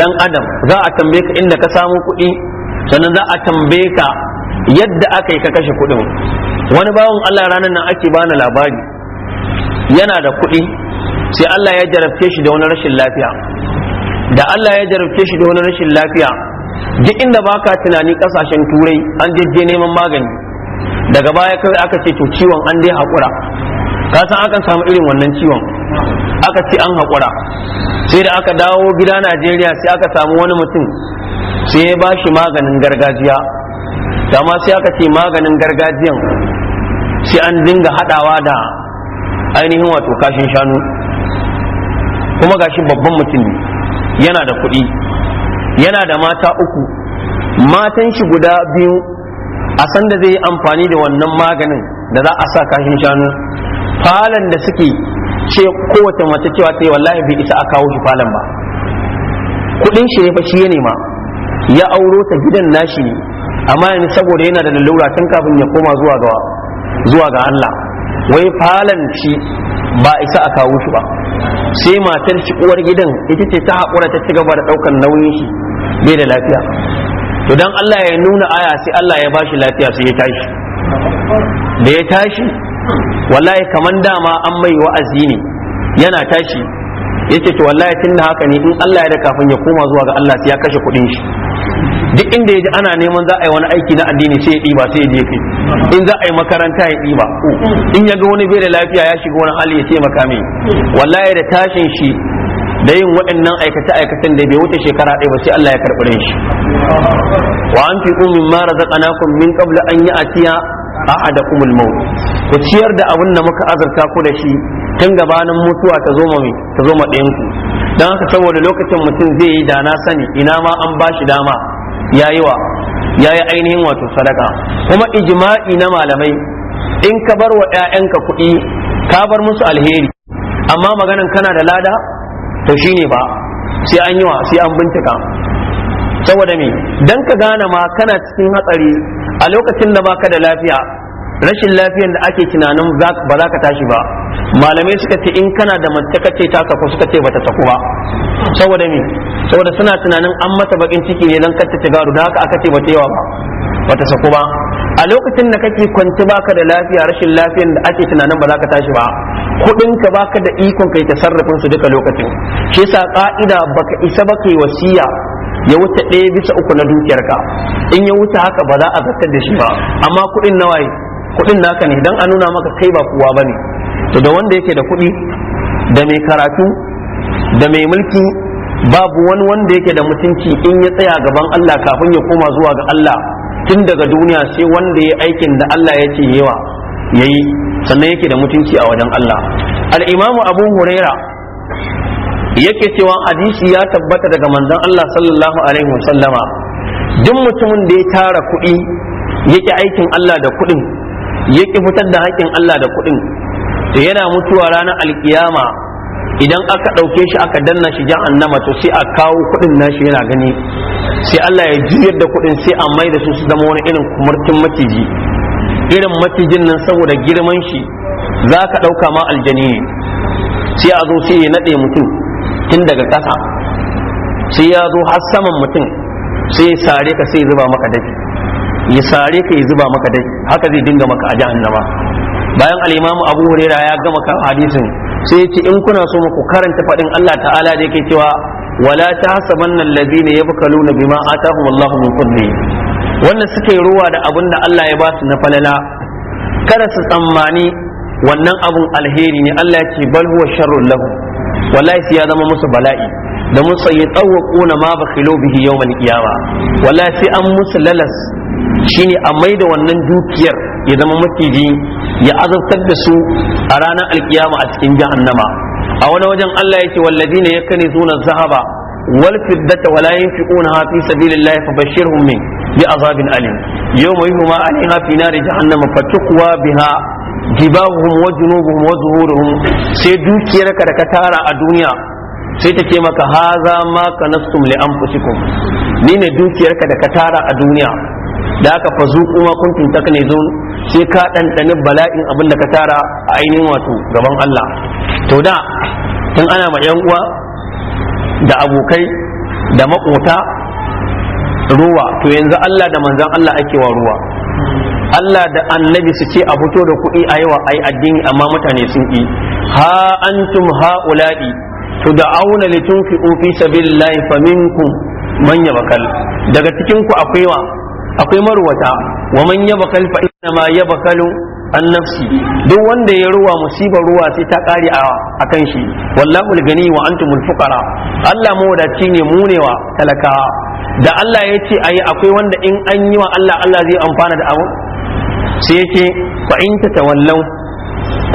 A: dan adam za a tambaye ka inda ka samu kuɗi sannan za a tambaye ka yadda aka yi ka kashe kuɗin wani bawan Allah ranar nan ake bani labari yana da kuɗi sai Allah ya jarabce shi da wani rashin lafiya da Allah ya jarabce shi da wani rashin lafiya duk inda baka tunani kasashen turai an jejje neman magani daga baya kawai aka ce to ciwon an dai haƙura ka san akan samu irin wannan ciwon aka ce an haƙura sai da aka dawo gida najeriya sai aka samu wani mutum sai ya ba maganin gargajiya dama sai aka ce maganin gargajiyan sai an dinga haɗawa da ainihin wato kashin shanu kuma gashi babban mutum yana da kuɗi yana da mata uku matan shi guda biyu a san da zai yi amfani da wannan maganin da za a sa kashin shanu falon da suke ce kowace mace cewa ta yi wallahi bai isa a kawo shi falon ba kudin shi ne fa shi ya nema ya auro ta gidan nashi ne amma yanzu saboda yana da lalura tun kafin ya koma zuwa ga Allah wai falon shi ba isa a kawo shi ba sai matar shi uwar gidan ita ce ta haƙura ta ci gaba da ɗaukar nauyin shi bai da lafiya to dan Allah ya nuna aya sai Allah ya bashi lafiya sai ya tashi da ya tashi wallahi kaman dama an mai wa'azi ne yana tashi yace to wallahi tun da haka ne in Allah ya da kafin ya koma zuwa ga Allah sai ya kashe kudin shi duk inda ya ji ana neman za a yi wani aiki na addini sai ya ba sai ya je kai in za a yi makaranta ya diba in ya ga wani bai da lafiya ya shiga wani hali ya taimaka mai wallahi da tashin shi da yin waɗannan aikace aikacen da bai wuce shekara ɗaya ba sai Allah ya karɓi shi wa an fiqu ma razaqnakum min qabl an ya'tiya ahadakum al-maut ku ciyar da abin da muka azurta ku da shi tun gabanin mutuwa ta zo mai ta zo ɗayan ku dan haka saboda lokacin mutum zai yi da na sani ina ma an ba shi dama yayiwa yayi ainihin wato sadaka kuma ijma'i na malamai in ka bar wa 'ya'yanka kuɗi ka bar musu alheri amma maganan kana da lada to shi ne ba sai an yi wa sai an bincika saboda me dan ka gane ma kana cikin hatsari a lokacin da baka da lafiya rashin lafiyar da ake tunanin ba za ka tashi ba malamai suka ce in kana da mace ce ta saku suka ce bata taku ba saboda me saboda suna tunanin an mata bakin ciki ne dan katta gado da haka aka ce bata yawa ba bata saku ba a lokacin da kake kwanci baka da lafiya rashin lafiyar da ake tunanin ba za ka tashi ba ba ka baka da ikon kai ta sarrafin su duka lokacin shi yasa ka'ida baka isa baka yi wasiya ya wuce ɗaya bisa uku na dukiyarka in ya wuce haka ba za a zartar da shi ba amma kuɗin nawa ne kuɗin naka ne dan a nuna maka kai ba kowa ba ne to da wanda yake da kuɗi da mai karatu da mai mulki babu wani wanda yake da mutunci in ya tsaya gaban Allah kafin ya koma zuwa ga Allah tun daga duniya sai wanda ya aikin da Allah ya ce yawa yayi sannan yake da mutunci a wajen Allah al abu huraira yake cewa hadisi ya tabbata daga manzon Allah sallallahu alaihi wasallama duk mutumin da ya tara kuɗi yake aikin Allah da kuɗin yake fitar da haƙƙin Allah da kuɗin to yana mutuwa ranar alkiyama idan aka ɗauke shi aka danna shi jahannama to sai a kawo kuɗin nashi yana gani sai Allah ya juyar da kuɗin sai a mai da su su zama wani irin kumurtin maciji irin macijin nan saboda girman shi za ka ɗauka ma aljani ne sai a zo sai ya naɗe mutum tun daga ƙasa sai ya zo har saman mutum sai ya sare ka sai ya zuba maka dafi ya sare ka ya zuba maka dafi haka zai dinga maka a jahannama bayan al'imamu abu hurera ya gama kan hadisin sai ya ce in kuna so muku karanta faɗin allah ta'ala da yake cewa wala ta ne ya lazina yabkaluna bima atahum allahu min fadli wannan suka yi ruwa da abin da Allah ya ba su na falala kada su tsammani wannan abun alheri ne Allah ya ce bal huwa sharrun lahu wallahi ya zama musu bala'i da musu ya tsawwaquna ma bakhilu bihi yawmal qiyama wallahi sai an musu lalas shine a maida wannan dukiyar ya zama maciji ya azabtar da su a ranar alkiyama a cikin jahannama a wani wajen Allah yake wallazina zuna zahaba wal fiddata wala yunfiquna fi sabilillahi fabashshirhum min bi'azabin alim yawma yuhma 'alayha fi nari jahannama fatuqwa biha jibahuhum wa junubuhum wa zuhuruhum sai dukiyar da ka tara a duniya sai ta ce maka haza ma kanastum li anfusikum ni ne dukiyar da ka tara a duniya da aka fa zuku ma kuntum taknizun sai ka ɗanɗani bala'in abin da ka tara a ainihin wato gaban Allah to da tun ana ma yan uwa da abokai da makota ruwa to yanzu Allah da manzan Allah ake wa ruwa Allah da annabi su ce a fito da kuɗi a yawa ai addini amma mutane sun yi ha antum da auna litunfiqu fi sabilillahi faminkum man yabakal daga cikin ku akwai wa akwai marwata wa man yabakal fa inna ma yabakalu an nafsi duk wanda ya ruwa musibar ruwa sai ta kare a kan shi wallahu gani wa antumul fuqara Allah mawadaci ne mu ne wa talakawa da Allah ya ce ayi akwai wanda in an yi wa Allah Allah zai amfana da abu sai yake fa in tatawallaw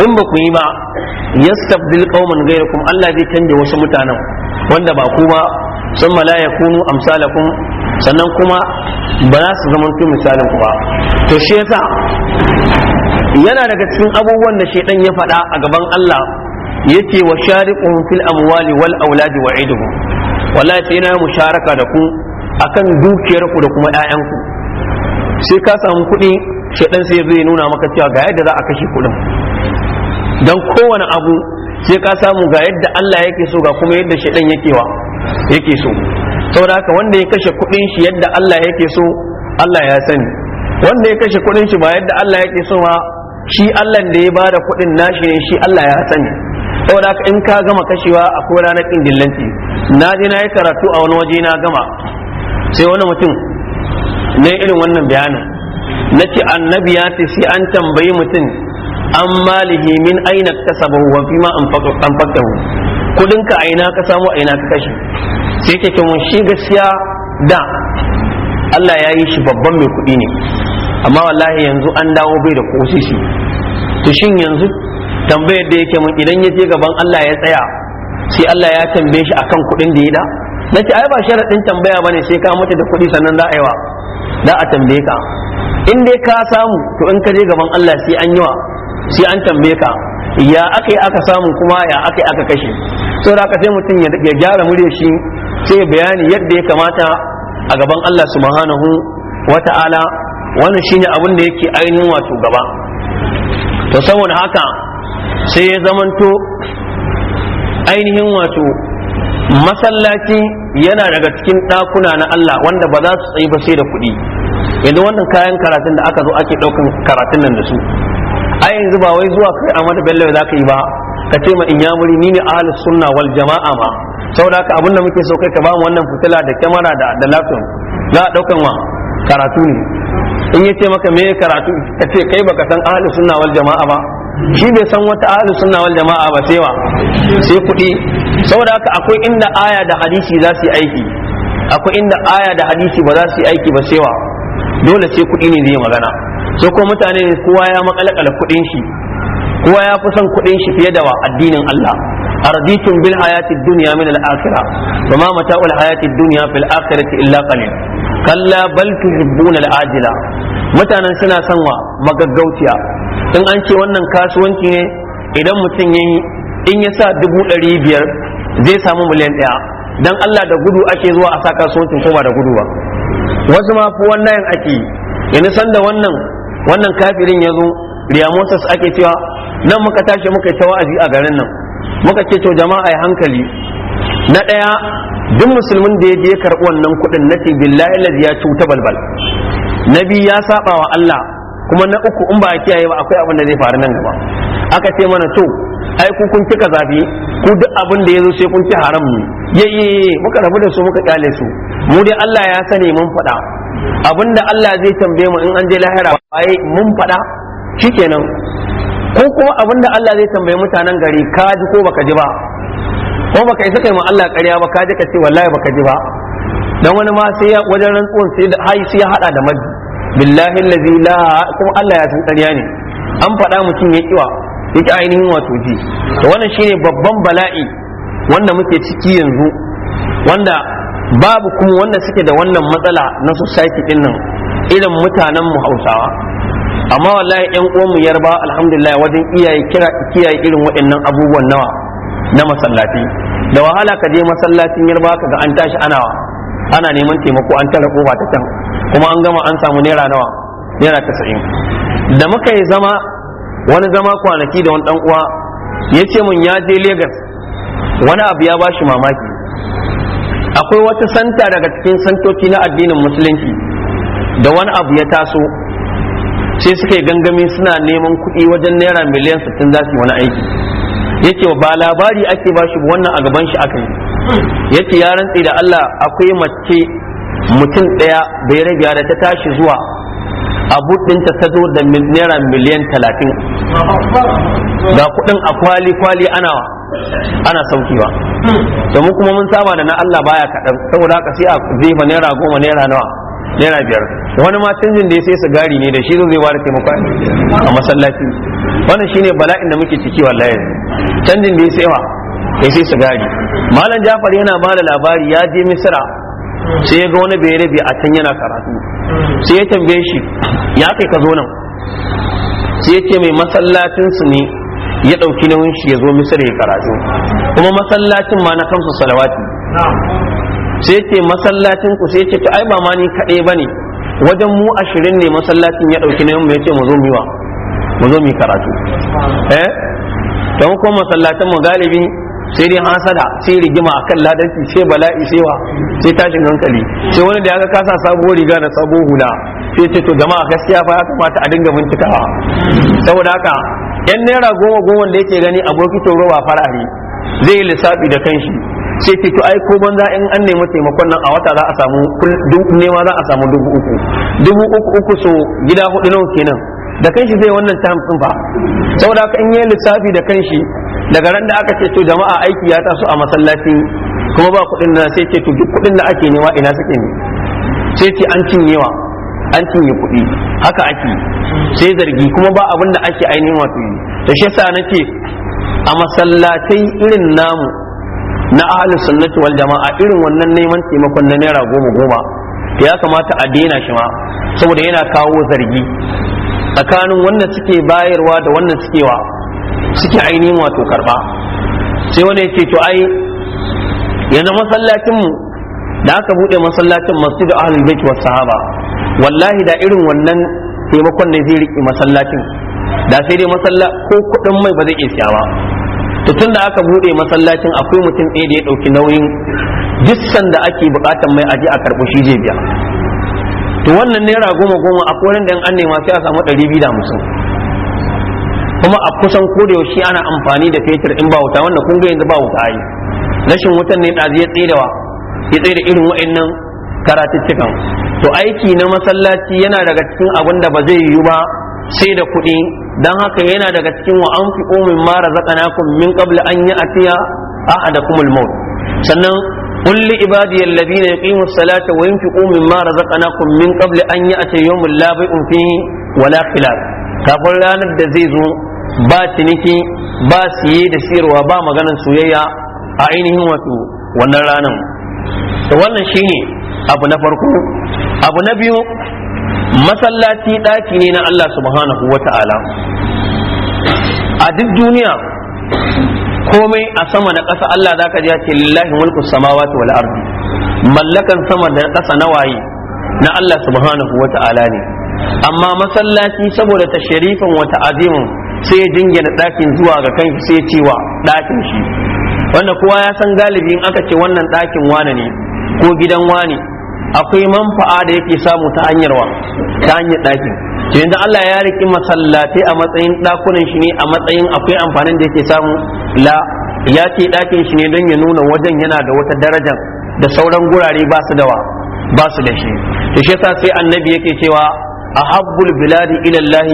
A: in ba ku yi ba yastabdil qauman ghayrakum Allah zai canza wasu mutanen wanda ba ku ba sun la yakunu amsalakum sannan kuma ba za su zama misalin ku ba to shi yasa yana daga cikin abubuwan da shaidan ya faɗa a gaban Allah yace wa shariqu fil amwali wal auladi wa iduhum wallahi sai na musharaka da ku akan dukiyar ku da kuma ƴaƴan ku sai ka samu kuɗi shaidan sai zai nuna maka cewa ga yadda za a kashe kuɗin dan kowane abu sai ka samu ga yadda Allah yake so ga kuma yadda shaidan yake wa yake so saboda haka wanda ya kashe kuɗin shi yadda Allah yake so Allah ya sani wanda ya kashe kuɗin shi ba yadda Allah yake so ba. shi Allah da ya bada kuɗin nashi ne shi Allah ya sani saboda haka in ka gama kashewa a ko ranar ɗin dillanci na je na yi karatu a wani waje na gama sai wani mutum na irin wannan bayanin na ce annabi ya ce sai an tambayi mutum an malihi min aina ta wa fi ma an faktahu kudin ka aina ka samu aina ka kashe sai ke mun shi gaskiya da Allah ya yi shi babban mai kuɗi ne amma wallahi yanzu an dawo bai da kosisi to shin yanzu tambayar da yake mun idan ya je gaban Allah ya tsaya sai Allah ya tambaye shi akan kuɗin da ya da na ce ai ba sharaɗin tambaya bane sai ka mutu da kuɗi sannan za a yi wa za a tambaye ka in dai ka samu to in ka je gaban Allah sai an yi wa sai an tambaye ka ya aka yi aka samu kuma ya aka yi aka kashe da ka sai mutum ya gyara murya shi sai bayani yadda ya kamata a gaban Allah subhanahu wata'ala wannan shine abin da yake ainihin wato gaba to saboda haka sai ya zamanto ainihin wato masallaci yana daga cikin ɗakuna na Allah wanda ba za su tsayi ba sai da kuɗi yanzu wannan kayan karatun da aka zo ake ɗaukan karatun nan da su a yanzu ba wai zuwa kai amma da Bello za ka yi ba ka ce ma in ya muri ni ne ahlus sunna wal jama'a ma saboda haka abin da muke so kai ka ba mu wannan fitila da kyamara da da laptop za a ɗaukan wa karatu ne in yace maka me karatu ka ce kai baka san ahlus sunna wal jama'a ba shi bai san wata ahlus sunna wal jama'a ba sai wa sai kuɗi saboda haka akwai inda aya da hadisi za su yi aiki akwai inda aya da hadisi ba za su yi aiki ba sai wa dole sai kuɗi ne zai magana sai ko mutane kowa ya makalakala kuɗin shi kowa ya fi son kuɗin shi fiye da wa addinin Allah أرضيتم min الدنيا من الآخرة وما متاع الحياة الدنيا في الآخرة illa قليل kalla bal tuhibbuna al-ajila mutanen suna son wa magaggauciya in an ce wannan kasuwanci ne idan mutum ya in ya sa dubu ɗari biyar zai samu miliyan ɗaya dan Allah da gudu ake zuwa a sa kasuwancin ko ba da gudu ba wasu ma fu wannan ake yi san da wannan wannan kafirin ya zo riyamotas ake cewa nan muka tashi muka ta wa'azi a garin nan muka ce to jama'a ya hankali na ɗaya duk musulmin da ya je karɓi wannan kuɗin na ce billahi ya cuta balbal na biyu ya saba wa Allah kuma na uku in ba a kiyaye ba akwai abin da zai faru nan gaba aka ce mana to ai ku kun kika zafi ku duk abin da yazo sai kun ci haram ne yayye muka rabu da su muka kyale su mu dai Allah ya sani mun faɗa abin da Allah zai tambaye mu in an je lahira ai mun faɗa shikenan ko kuma abin da Allah zai tambaye mutanen gari ka ji ko baka ji ba ko baka isa kai ma Allah ƙarya ba ka je ka ce wallahi baka ji ba dan wani ma sai ya wajen rantsuwan sai da hayi sai ya hada da maji. billahi allazi la kuma Allah ya san ƙarya ne an faɗa mutum ya kiwa yake ainihin wato ji to wannan shine babban bala'i wanda muke ciki yanzu wanda babu kuma wanda suke da wannan matsala na society din nan irin mutanen mu Hausawa amma wallahi yan uwan mu yarba alhamdulillah wajen iyaye kira kiyaye irin waɗannan abubuwan nawa na masallaci da wahala ka je masallacin yarba ka ga an tashi ana ana neman taimako an tara kofa ta can kuma an gama an samu naira nawa naira tasa'in da muka yi zama wani zama kwanaki da wani dan uwa ya ce mun ya je Legas wani abu ya bashi mamaki akwai wata santa daga cikin santoci na addinin musulunci da wani abu ya taso sai suka yi gangami suna neman kuɗi wajen naira miliyan 60 za su yi wani aiki yake ba labari ake ba shi wannan a gaban shi aka yi yace ya rantsi da Allah akwai mace mutum daya bai rabiya da ta tashi zuwa a ɗinta ta zo da naira miliyan talatin ga kuɗin a kwali kwali ana ana saukewa domin kuma mun saba da na Allah baya kaɗan saboda haka sai a jefa naira goma naira nawa naira biyar wani ma canjin da ya sai sigari ne da shi zai ba da taimako a masallaci wannan shine bala'in da muke ciki wallahi canjin da ya sai wa ya sai sigari malam jafar yana ba da labari ya je misira sai ya ga wani bere a can yana karatu sai ya tambaye shi ya kai ka zo nan sai ya ce mai masallacin ne ya ɗauki nauyin shi ya zo misira ya karatu kuma masallacin ma na kansu salawati sai ce masallacin ku sai ce to ai ba ma ni kaɗai bane wajen mu ashirin ne masallacin ya ɗauki nayin mu ya ce mu zo mu wa mu zo mu karatu eh don ko masallacin mu galibi sai dai hasada sai rigima akan ladanci sai bala'i sai wa sai tashin hankali sai wani da ya ga kasa sabuwar riga da sabo hula sai ce to jama'a gaskiya fa ya kamata a dinga bincikawa saboda haka yan naira goma goma da yake gani abokin tsoro ba ne zai yi lissafi da kanshi sai ce to ai ko banza in an nemi taimakon nan a wata za a samu nema za a samu dubu uku dubu uku uku so gida hudu nawa kenan da kanshi zai wannan tam din ba saboda haka in yi lissafi da kanshi daga ran da aka ce to jama'a aiki ya taso a masallaci kuma ba kuɗin na sai ce to duk kuɗin da ake nema ina suke ne sai ce an cinyewa an cinye kuɗi haka ake sai zargi kuma ba abin da ake ainihin wato yi da shi yasa nake a masallatai irin namu na ahalin sunnati wal jama'a irin wannan neman taimakon na naira goma goma ya kamata a daina shi ma saboda yana kawo zargi tsakanin wanda suke bayarwa da wanda suke wa suke ainihin wato karba sai wani ya ce to ai yanzu masallacinmu da aka buɗe masallacin masjid ahlul bait was sahaba wallahi da irin wannan taimakon ne zai riƙe masallacin da sai dai masalla ko kuɗin mai ba zai iya siya ba to tun da aka bude masallacin akwai mutum ɗaya da ya ɗauki nauyin duk sanda ake buƙatar mai aji a karɓi shi zai biya to wannan naira goma goma a koren da an nema sai a samu ɗari biyu da hamsin kuma a kusan yaushe ana amfani da fetur in ba wuta wannan kun ga yanzu ba wuta ai rashin wutan ne ɗazi ya tserewa ya tsere irin wa'annan karatuttukan to aiki na masallaci yana daga cikin abin da ba zai yiwu ba sai da kuɗi dan haka yana daga cikin wa an fi umin na kun min qabl an da ahadakumul maut sannan qul li ibadiy ya yuqimus salata wa yunfiqu na kun min qabl an ya'tiya mun labai bai'un fi wala filar, kafin ranar da zai zo ba ciniki ba siye da siyarwa ba maganar soyayya a ainihin wato wannan ranar wannan shine abu na farko abu na biyu masallaci ɗaki ne na Allah subhanahu wa ta'ala a duk duniya komai a sama da ƙasa Allah za ka ji ce lillahi mulku samawati wal ardi mallakan sama da ƙasa na waye na Allah subhanahu wa ta'ala ne amma masallaci saboda ta sharifin wata ta'azimin sai ya jingina ɗakin zuwa ga kanki sai cewa ɗakin shi wanda kowa ya san galibi in aka ce wannan ɗakin wane ne ko gidan wane akwai manfa'a da yake samu ta hanyar wa ta hanyar ɗakin to yanzu Allah ya riki masallatai a matsayin ɗakunan shi ne a matsayin akwai amfanin da yake samu la ya ce ɗakin shi ne don ya nuna wajen yana da wata daraja da sauran gurare ba su da wa ba su da shi to shi yasa sai annabi yake cewa ahabbul biladi ila Allah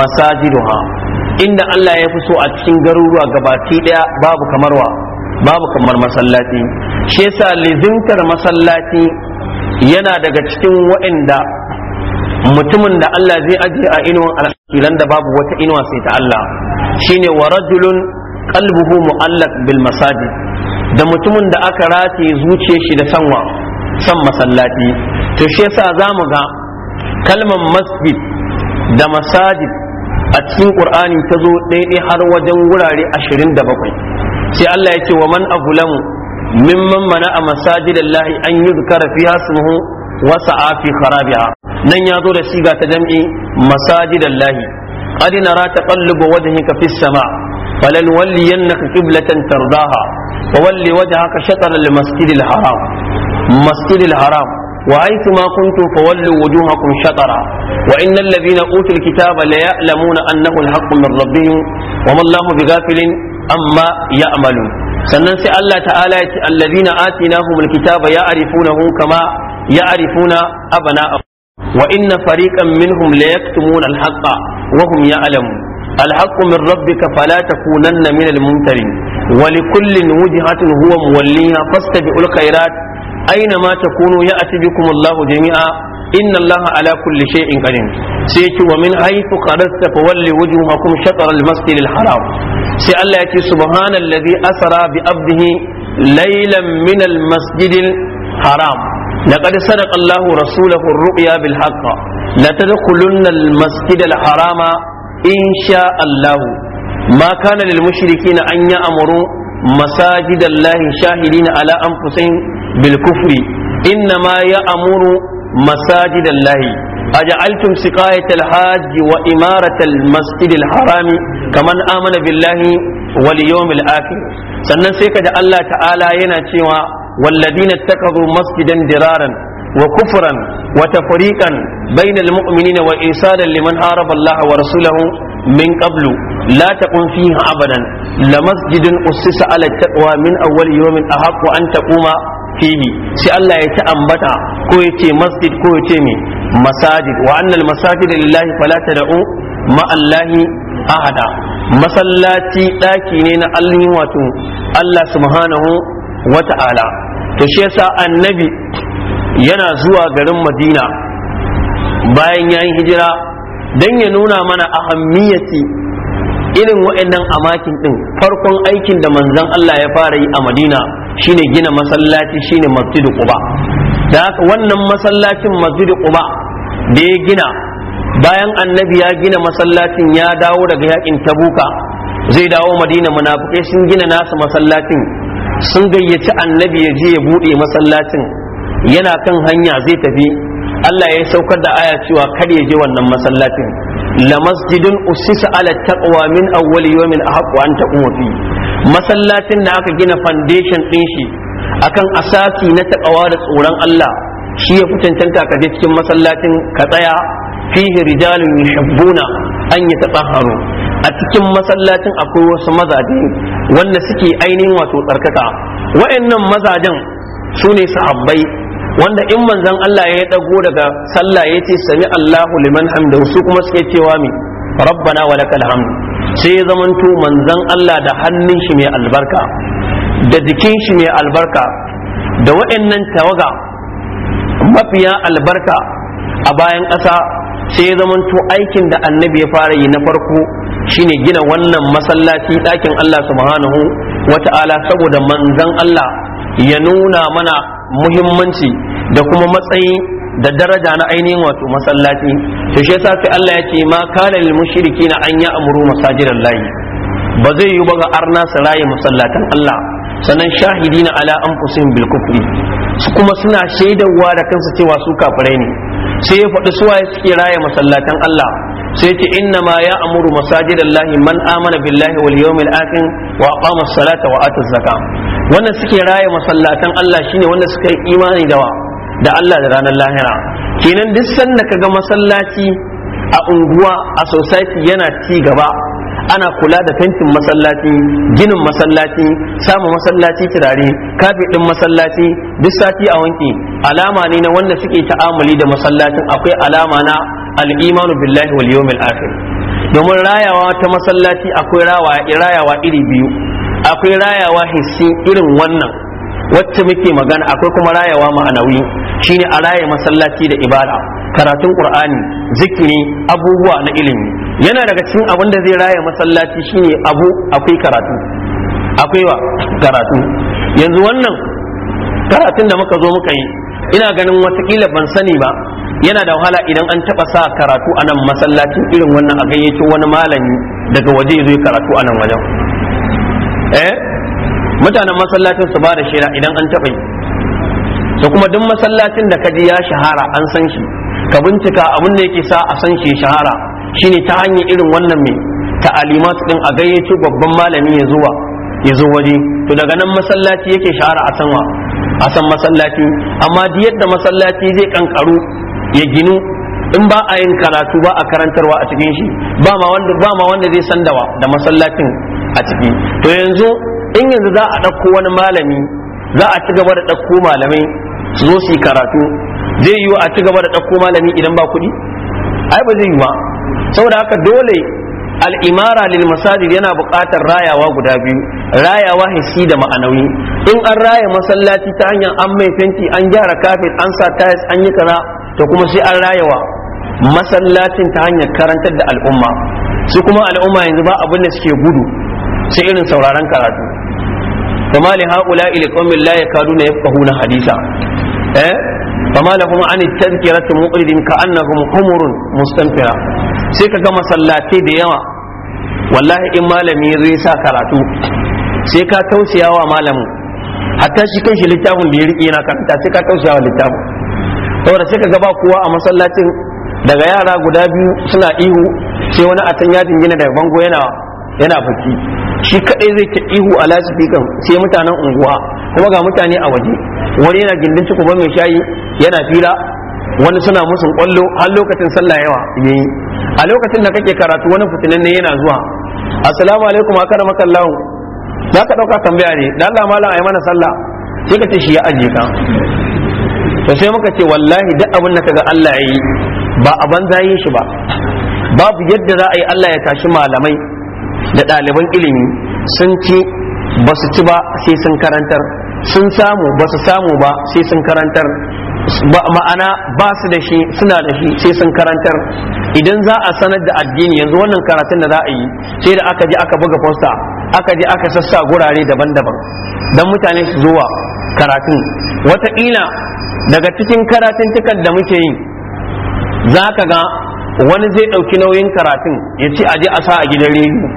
A: masajiduha inda Allah ya fi so a cikin garuruwa gabaki daya babu kamar wa babu kamar masallati shi yasa lizintar masallati. yana daga cikin waɗanda mutumin da Allah zai ajiye a inuwan al'asilan da babu wata inuwa sai ta Allah shine wa rajulun qalbuhu mu'allaq bil masajid da mutumin da aka rati zuce shi da sanwa san masallaci to shi yasa zamu ga kalmar masjid da masajid a cikin qur'ani ta zo daidai har wajen wurare 27 sai Allah ya ce wa man aghlamu mimman mana a masajidallahi an yi zukara fiha smuhu wasa afi kharabiha nan ya zo da siga ta jam'i masajidallahi qad nara taqallubu wajhika fis sama falal walliyannaka qiblatan tardaha fawalli wajhaka shatr al masjidil haram masjidil haram وحيثما كنتم فولوا وجوهكم شطرا وإن الذين أوتوا الكتاب ليعلمون أنه الحق من ربهم وما الله بغافل أما يعملون sannan sai Allah ta'ala ya ce allazina atinahumul kitaba ya'rifunahu kama ya'rifuna abna'ahum wa inna fariqan minhum la yaktumuna al-haqqa wa hum ya'lamun الحق من ربك فلا تكونن من الممترين ولكل وجهة هو موليها فاستبعوا الخيرات أينما تكونوا يأتي بكم الله جميعا inna Allah ala kulli in qadir sai ci wa min haythu qarasta fa walli wujuhakum shatr al masjid al haram sai Allah yake subhanallazi asra bi abdihi lailan min al haram لقد صدق الله رسوله الرؤيا بالحق لتدخلن المسجد الحرام إن شاء الله ما كان للمشركين أن يأمروا مساجد الله شاهدين على أنفسهم بالكفر إنما يأمر مساجد الله أجعلتم سقاية الحاج وإمارة المسجد harami كمن آمن بالله واليوم الآخر sannan sai ka Allah ta'ala yana cewa walladina takardu masjidan diraran wa kufran wa tafriqan bainal mu'minina wa isadan liman haraba Allah wa rasulahu min qablu la taqum fiha abadan la masjidun ussisa ala taqwa min awwal yawmin ahqqu an taquma fihi sai Allah ya ta ambata ko ya ce masjid ko ya ce me masajid wa annal masajid lillahi fala tad'u ma Allahi ahada masallaci daki ne na Allah wato Allah subhanahu wa ta'ala to shi yasa annabi yana zuwa garin Madina bayan yayin hijira dan ya nuna mana ahammiyati irin wa'annan amakin din farkon aikin da manzon Allah ya fara yi a Madina shine gina masallaci shine Masjidul Quba da haka wannan masallacin Masjidul Quba da ya gina bayan annabi ya gina masallacin ya dawo daga yakin Tabuka zai dawo Madina munafikai sun gina nasu masallacin sun gayyaci annabi ya je ya bude masallacin yana kan hanya zai tafi Allah ya saukar da aya cewa kar ya je wannan masallacin lamasjidun usisa ala taqwa min awwali yawmin ahqqu an taquma fi masallacin da aka gina foundation din shi akan asasi na taqwa da tsoron Allah shi ya fi cancanta cikin masallacin Katsaya, tsaya fihi rijalun Anya an yatatahharu a cikin masallacin akwai wasu mazaje wanda suke ainihin wato tsarkaka wa'annan mazajen su ne sahabbai wanda in manzon Allah ya dago daga sallah ya ce sami Allahu liman hamdahu su kuma suke cewa mi rabbana wa lakal hamd sai ya zamanto manzon Allah da hannun shi mai albarka da jikin shi mai albarka da waɗannan tawaga mafiya albarka a bayan ƙasa sai ya zamanto aikin da annabi ya fara yi na farko shine gina wannan masallaci ɗakin Allah subhanahu wata'ala saboda manzon Allah ya nuna mana muhimmanci da kuma matsayi da daraja na ainihin wato masallaci to shi yasa sai Allah ya ce ma kana lil na an ya amuru masajidal lahi ba zai yi ba ga arna su raye masallatan Allah sannan shahidina ala anfusihim bil kufri kuma suna shaidawa da kansu cewa su kafirai ne sai ya faɗi waye suke raya masallatan Allah sai ce inna ma ya amuru masajidallahi man amana billahi wal yawmil akhir wa aqama as-salata wa ata wannan suke raya masallatan Allah shine wanda suka yi imani da wa da Allah da ranar lahira kenan duk sanda kaga masallaci a unguwa a society yana ci gaba ana kula da fentin masallaci ginin masallaci samun masallaci turare kafi din masallaci duk sati a wanki alama ne na wanda suke ta'amuli da masallacin akwai alama na al'imanu billahi wal yawmil akhir domin rayawa ta masallaci akwai rayawa iri biyu akwai rayawa hissi irin wannan wacce muke magana akwai kuma rayawa ma'anawi shine a raye masallaci da ibada karatun qur'ani zikiri abubuwa na ilimi yana daga cikin abin da zai raya masallaci shine abu akwai karatu akwai wa karatu yanzu wannan karatun da muka zo muka yi ina ganin watakila ban sani ba yana da wahala idan an taba sa karatu a nan masallacin irin wannan a gayyaci wani malami daga waje zai karatu a nan wajen eh mutanen masallacin su ba da shaida idan an taba yi da kuma duk masallacin da ka kaji ya shahara an san shi ka bincika abin da yake sa a san shi shahara shine ta hanyar irin wannan mai ta'alimat ɗin a gayyato babban malami ya zuwa ya zo waje to daga nan masallaci yake shahara a sanwa a san masallaci amma di yadda masallaci zai kankaru ya ginu in ba a yin karatu ba a karantarwa a cikin shi ba ma wanda ba ma wanda zai san dawa da masallacin a ciki to yanzu in yanzu za a ɗauko wani malami za a ci gaba da ɗauko malamai su zo su yi karatu zai yiwu a cigaba da ɗauko malami idan ba kuɗi ai ba zai yi ba saboda haka dole al'imara lil masajid yana buƙatar rayawa guda biyu rayawa hissi da ma'anawi in an raya masallaci ta hanyar an mai fenti an gyara kafin an sa tayas an yi kaza to kuma sai an rayawa masallacin ta hanyar karantar da al'umma su kuma al'umma yanzu ba abin da suke gudu sai irin sauraron karatu kuma li haula ila qawmin la yakaduna yafqahuna hadisa eh fama lahum an tadhkiratu muqridin ka'annahum humurun mustanfira sai ka ga masallaci da yawa wallahi in malami ya sa karatu sai ka wa malamin hatta shi kan shi littafin da ya riƙe na karanta sai ka tausaya wa littafin saboda sai ka gaba kowa a masallacin daga yara guda biyu suna ihu sai wani a can yajin gina daga bango yana yana baki shi kadai zai ta ihu a lasifikan sai mutanen unguwa kuma ga mutane a waje wani yana gindin ba mai shayi yana fira wani suna musun kwallo har lokacin sallah yawa yayi a lokacin da kake karatu wani fitinan ne yana zuwa assalamu alaikum akara makallahu za ka dauka tambaya ne dan Allah malam ayi mana sallah sai ka ce shi ya aje ka to sai muka ce wallahi duk abin da kaga Allah ya yi. ba a banza yin shi ba babu yadda za a yi Allah ya tashi malamai da ɗaliban ilimi sun ci ba su ci ba sai sun karantar sun samu ba su samu ba sai sun karantar ma'ana ba su da shi suna da shi sai sun karantar idan za a sanar da addini yanzu wannan karatun da za a yi sai da aka je aka buga fosta aka je aka sassa gurare daban-daban don mutane su zuwa karatun wataƙila daga cikin karatun tukan da muke yi za ka ga wani zai ɗauki nauyin karatun ya ci aje a sa a gidan rediyo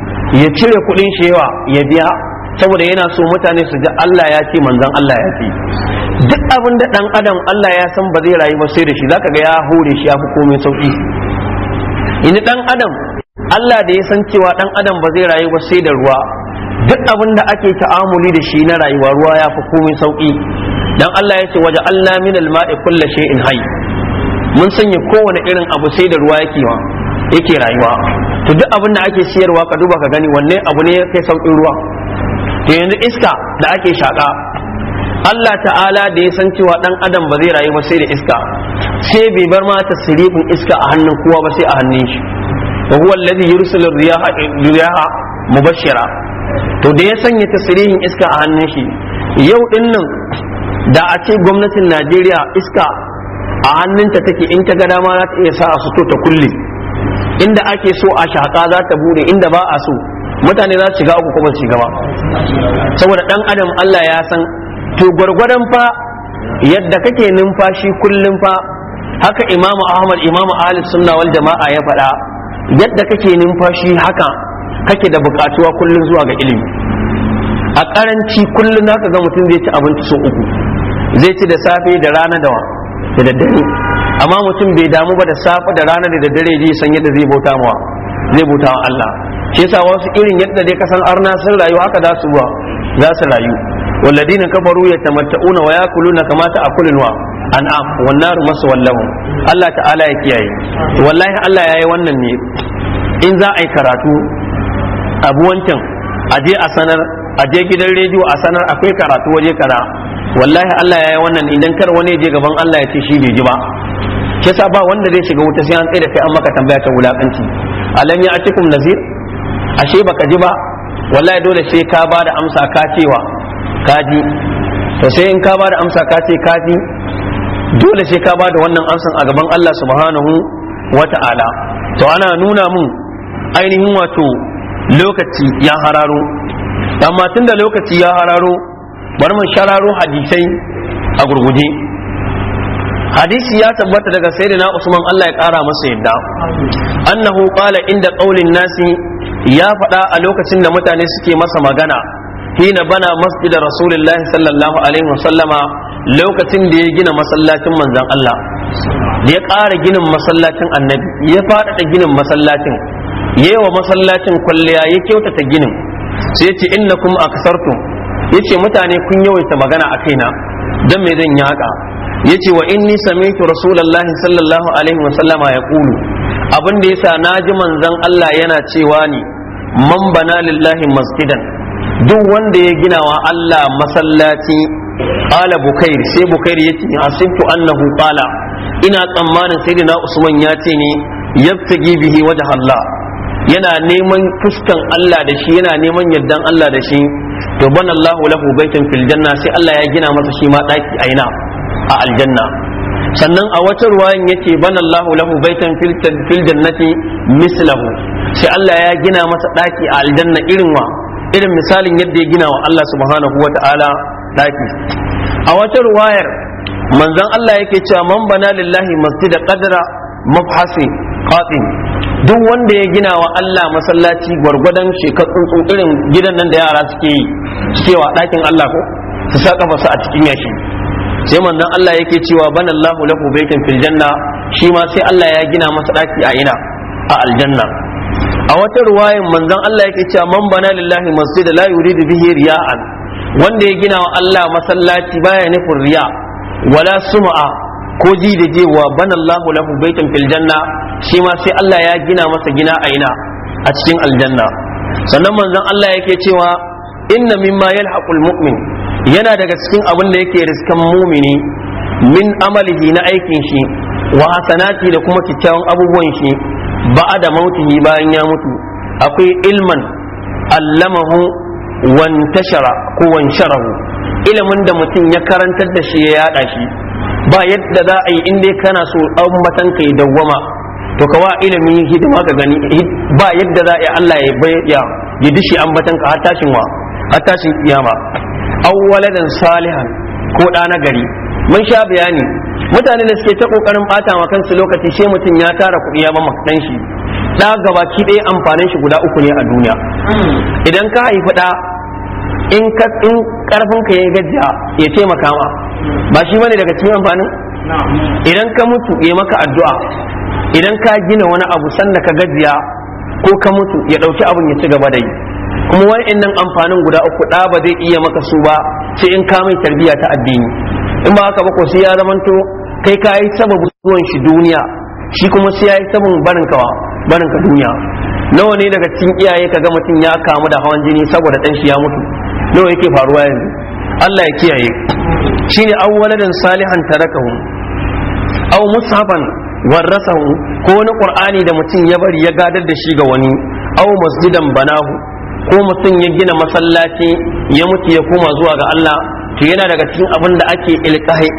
A: ya cire kuɗin shewa ya biya saboda yana so mutane su ji Allah ya ce manzon Allah ya ce duk abin da dan adam Allah ya san ba zai rayu ba sai da shi zaka ga ya hore shi ya fi komai sauki In dan adam Allah da ya san cewa dan adam ba zai rayu ba sai da ruwa duk abin da ake ta'amuli da shi na rayuwa ruwa ya fi komai sauki dan Allah ya ce waje Allah min al-maadil al-ma'i kullu shay'in hayy mun sanya kowane irin abu sai da ruwa yake wa yake rayuwa to duk abin da ake siyarwa ka duba ka gani wanne abu ne kai saukin ruwa to yanzu iska da ake shaka Allah ta'ala da ya san cewa dan adam ba zai rayu ba sai da iska sai bai bar ma tasrifin iska a hannun kowa ba sai a hannun shi wa huwa alladhi yursilu riyaha riyaha mubashshira to da ya sanya tasrihin iska a hannun shi yau din nan da a ce gwamnatin Najeriya iska a hannunta take in ta ga dama za ta iya sa a to ta kulle inda ake so a shaka za ta bude inda ba a so mutane za su shiga uku kuma su shiga ba saboda dan adam Allah ya san to gwargwadon fa yadda kake numfashi kullum fa haka imamu ahmad imamu ahli sunna wal jama'a ya faɗa yadda kake numfashi haka kake da buƙatuwa kullum zuwa ga ilimi a ƙaranci kullum haka ga mutum zai ci abinci sau uku zai ci da safe da rana da da daddare amma mutum bai damu ba da safe da rana da daddare zai san yadda zai bauta mawa zai bauta wa Allah shi yasa wasu irin yadda dai kasan arna sun rayu haka za su ba za su rayu والذين كفروا يتمتعون وياكلون كما تاكل an'am والنار مسوى لهم Allah ta'ala ya kiyaye wallahi Allah ya yi wannan ne in za a yi karatu abu wancan a a sanar aje gidan rediyo a sanar akwai karatu waje kaza wallahi Allah ya yi wannan idan kar wani je gaban Allah ya ce shi bai ji ba kisa ba wanda zai shiga wuta sai an tsaye da kai an maka tambaya ta wulakanci alam ya atikum nazir ashe baka ji ba wallahi dole sai ka ba da amsa ka cewa kaji to sai in ka bada amsa ka ce kaji dole sai ka bada wannan amsan a gaban Allah subhanahu wata'ala to ana nuna mun ainihin wato lokaci ya hararo amma tun da lokaci ya hararo bari mun shararo hadisai a gurguje hadisi ya tabbata daga sayyidina Usman Allah ya kara masa yadda annahu qala inda qaulin nasi ya faɗa a lokacin da mutane suke masa magana hina bana masjid rasulullahi sallallahu alaihi wasallama lokacin da ya gina masallacin manzon Allah da ya ƙara ginin masallacin annabi ya faɗaɗa ginin masallacin wa masallacin kwalliya ya kyautata ginin sai ya ce innakum aksartum yace mutane kun yawaita magana a kaina dan me zan yaka yace wa inni sami'tu rasulullahi sallallahu alaihi wasallama yaqulu abin da yasa ji manzan Allah yana cewa ni man bana lillahi masjidan duk wanda ya ginawa Allah masallaci qala bukair sai bukair yace asibtu annahu qala ina tsammanin sayyidina usman ya ce ne yabtagi bihi wajh Allah yana neman fuskan Allah da shi yana neman yardan Allah da shi to banallahu lahu baitan fil janna sai Allah ya gina masa shi ma daki aina a aljanna sannan a wata ruwayan yace banallahu lahu baitan fil jannati mislahu sai Allah ya gina masa daki a aljanna irin wa irin misalin yadda ya gina wa Allah subhanahu wata'ala daki a wata ruwayar manzon Allah yake cewa man bana lillahi masjida qadra mabhasi qatin duk wanda ya gina wa Allah masallaci gwargwadon shekatsun irin gidan nan da yara suke yi suke wa dakin Allah ko su sa su a cikin yashi sai manzon Allah yake cewa banallahu lahu baitan fil janna shi ma sai Allah ya gina masa daki a ina a aljanna a wata ruwayan manzon Allah yake cewa man bana lillahi masjid la yuridu bihi riya'an wanda ya gina wa Allah masallaci baya nufin riya wala sum'a ko ji da jewa bana Allah lahu baitan fil janna shi ma sai Allah ya gina masa gina aina a cikin aljanna sannan manzon Allah yake cewa inna mimma yalhaqul mu'min yana daga cikin abin da yake riskan mumini min amalihi na aikin shi wa hasanati da kuma kyakkyawan abubuwan shi ba'ada mautihi bayan ya mutu akwai ilman allamahu tashara ko sharahu. ilimin da mutum ya karantar da shi ya yada shi ba yadda za a yi in kana so ummatan ka ya dawwama to kawa ilimin hidima ka gani ba yadda za a yi Allah ya ya dishi ambatan ka har tashin wa har tashin kiyama awwaladan salihan ko da na gari mun sha bayani mutane da suke ta kokarin bata wa kansu lokaci sai mutum ya tara kuɗi ya ba makan shi da gabaki ɗaya amfanin shi guda uku ne a duniya idan ka haifi da in karfin ka ya gajiya ya taimaka ma ba shi bane daga cikin amfanin idan ka mutu ya maka addu'a idan ka gina wani abu sanda ka gajiya ko ka mutu ya ɗauki abin ya ci gaba da yi kuma wa'annan amfanin guda uku ɗa ba zai iya maka su ba sai in ka mai tarbiyya ta addini in ba haka ba ko sai ya zamanto kai ka yi sababin zuwan shi duniya shi kuma sai ya yi sabon barin duniya nawa ne daga cikin iyaye ka ga mutum ya kamu da hawan jini saboda dan shi ya mutu nawa yake faruwa yanzu Allah ya kiyaye shine aw waladan salihan tarakahu aw mushafan warasahu ko wani qur'ani da mutum ya bari ya gadar da shi ga wani aw masjidan banahu ko mutum ya gina masallaci ya mutu ya koma zuwa ga Allah to yana daga cikin abin da ake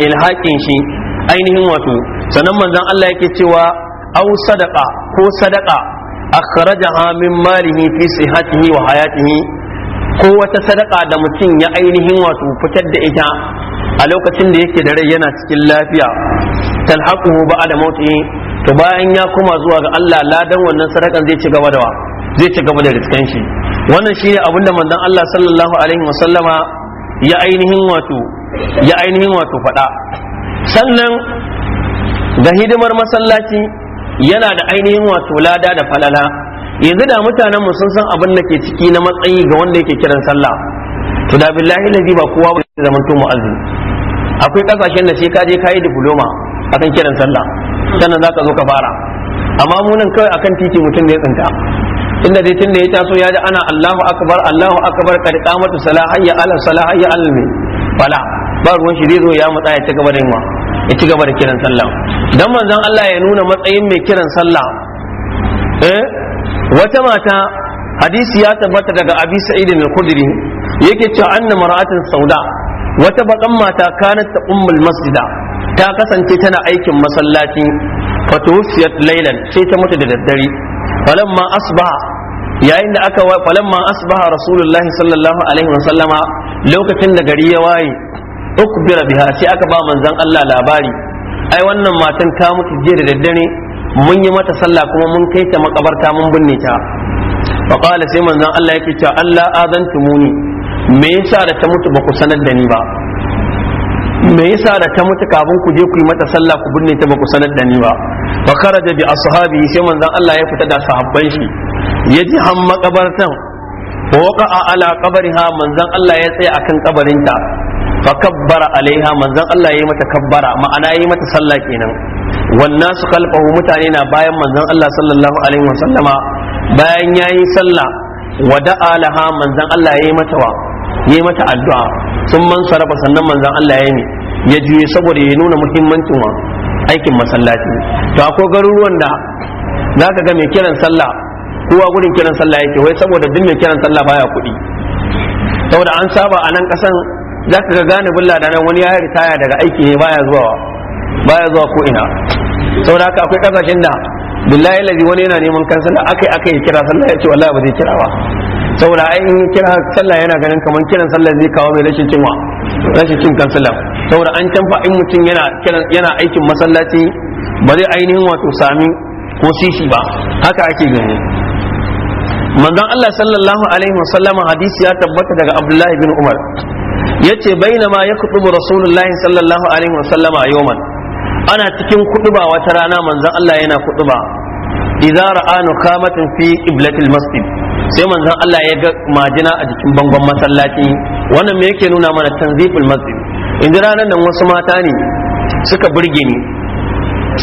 A: ilhaqin shi ainihin wato sannan manzon Allah yake cewa au sadaqa ko sadaqa akhrajaha min malihi fi sihhatihi wa hayatihi ko wata sadaqa da mutum ya ainihin wato fitar da ita a lokacin da yake da rai yana cikin lafiya talhaquhu ba'da mautihi to bayan ya koma zuwa ga Allah ladan wannan sadakan zai ci gaba da wa zai ci gaba da riskan shi wannan shine abin da manzon Allah sallallahu alaihi wasallama ya ainihin wato ya ainihin wato faɗa sannan da hidimar masallaci yana da ainihin wato lada da falala yanzu da mutanen mu sun san abin da ke ciki na matsayi ga wanda yake kiran sallah to da billahi lazi ba kowa ba zai to mu'azzin akwai kasashen da sai ka je kayi diploma akan kiran sallah sannan zaka zo ka fara amma mu nan kawai akan titi mutum ne tsinka inda dai tunda ya taso ya ji ana Allahu akbar Allahu akbar kad qamatu salah hayya ala salah hayya fala ba ruwan shi zai zo ya matsa ya ci gaba da yunwa ya ci gaba da kiran sallah dan manzon Allah ya nuna matsayin mai kiran sallah eh wata mata hadisi ya tabbata daga abi sa'id al-khudri yake cewa anna mar'atin sauda wata bakan mata kanat ta ummul masjida ta kasance tana aikin masallaci fatuwfiyat laylan sai ta mutu da daddare falamma asbaha yayin da aka falamma asbaha rasulullahi sallallahu alaihi wasallama lokacin da gari ya waye ukbira biha sai aka ba manzon Allah labari ai wannan matan ta mutu jiya da daddare mun yi mata sallah kuma mun kai ta makabarta mun binne ta fa qala sai manzon Allah yake cewa Allah azantumuni me yasa da ta mutu ba ku sanar da ni ba me yasa da ta mutu kafin ku je ku yi mata sallah ku binne ta ba ku sanar da ni ba fa kharaja bi ashabi sai manzon Allah ya fita da sahabban shi yaji han makabartan wa waqa'a ala qabriha manzon Allah ya tsaya akan ta fakabbara alaiha manzan Allah yayi mata kabbara ma'ana yayi mata sallah kenan wannan su kalfahu mutane na bayan manzan Allah sallallahu alaihi wasallama bayan yayi sallah wa da'a laha manzan Allah yayi mata wa yayi mata addu'a sun man sarrafa sannan manzan Allah yayi ne ya juye saboda ya nuna muhimmancin wa aikin masallaci to akwai garuruwan da zaka ga mai kiran sallah kowa gurin kiran sallah yake wai saboda duk mai kiran sallah baya kuɗi saboda an saba a nan ƙasan za ka ga gane bulla da nan wani ya ritaya daga aiki ne baya zuwa baya zuwa ko ina saboda haka akwai kasashen da billahi lazi wani yana neman kan sallah akai akai kira sallah ya ce wallahi ba zai kira ba saboda ai in kira sallah yana ganin kamar kiran sallah zai kawo mai rashin cinwa rashin cin kan sallah saboda an canfa in mutum yana yana aikin masallaci ba zai ainihin wato sami ko sisi ba haka ake gani manzon Allah sallallahu alaihi wasallam hadisi ya tabbata daga Abdullahi bin Umar yace bainama yakutubu rasulullahi sallallahu alaihi wasallam yawman ana cikin kutuba wata rana manzon Allah yana kutuba idza ra'a nukhamatin fi iblatil masjid sai manzon Allah ya ga majina a jikin bangon masallaci wannan me yake nuna mana tanzifil masjid inda ranan nan wasu mata ne suka burge ni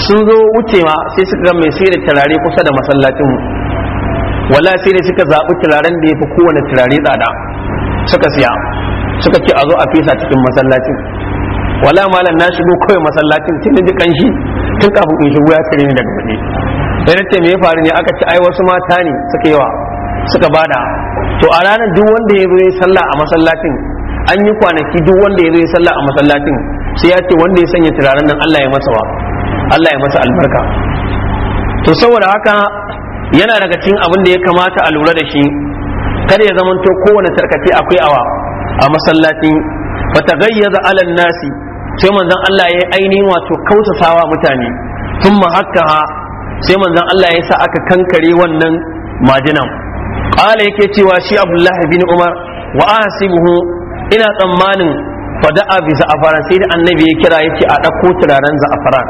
A: sun zo wucewa sai suka ga mai sirri da turare kusa da masallacin wala sai da suka zaɓi turaren da yafi kowane turare tsada suka siya suka ce a zo a fesa cikin masallacin wala malam na shigo kawai masallacin tun da kanshi tun kafin in shigo ya tare ni daga kuɗi. sai na ce me ya faru ne aka ce ai wasu mata ne suka yawa suka bada to a ranar duk wanda ya zo ya sallah a masallacin an yi kwanaki duk wanda ya zo ya sallah a masallacin sai ya ce wanda ya sanya turaren nan Allah ya masa wa Allah ya masa albarka to saboda haka yana daga cikin abin da ya kamata a lura da shi kada ya zamanto kowane tarkace akwai awa a masallacin fatagayyaza alal nasi sai manzon Allah ya ainihin wato kausasawa mutane tun hakkaha sai manzon Allah ya sa aka kankare wannan majinan qala yake cewa shi Abdullahi bin Umar wa buhu ina tsammanin fada'a bi za'afaran sai da annabi ya kira ce a dauko turaren za'afaran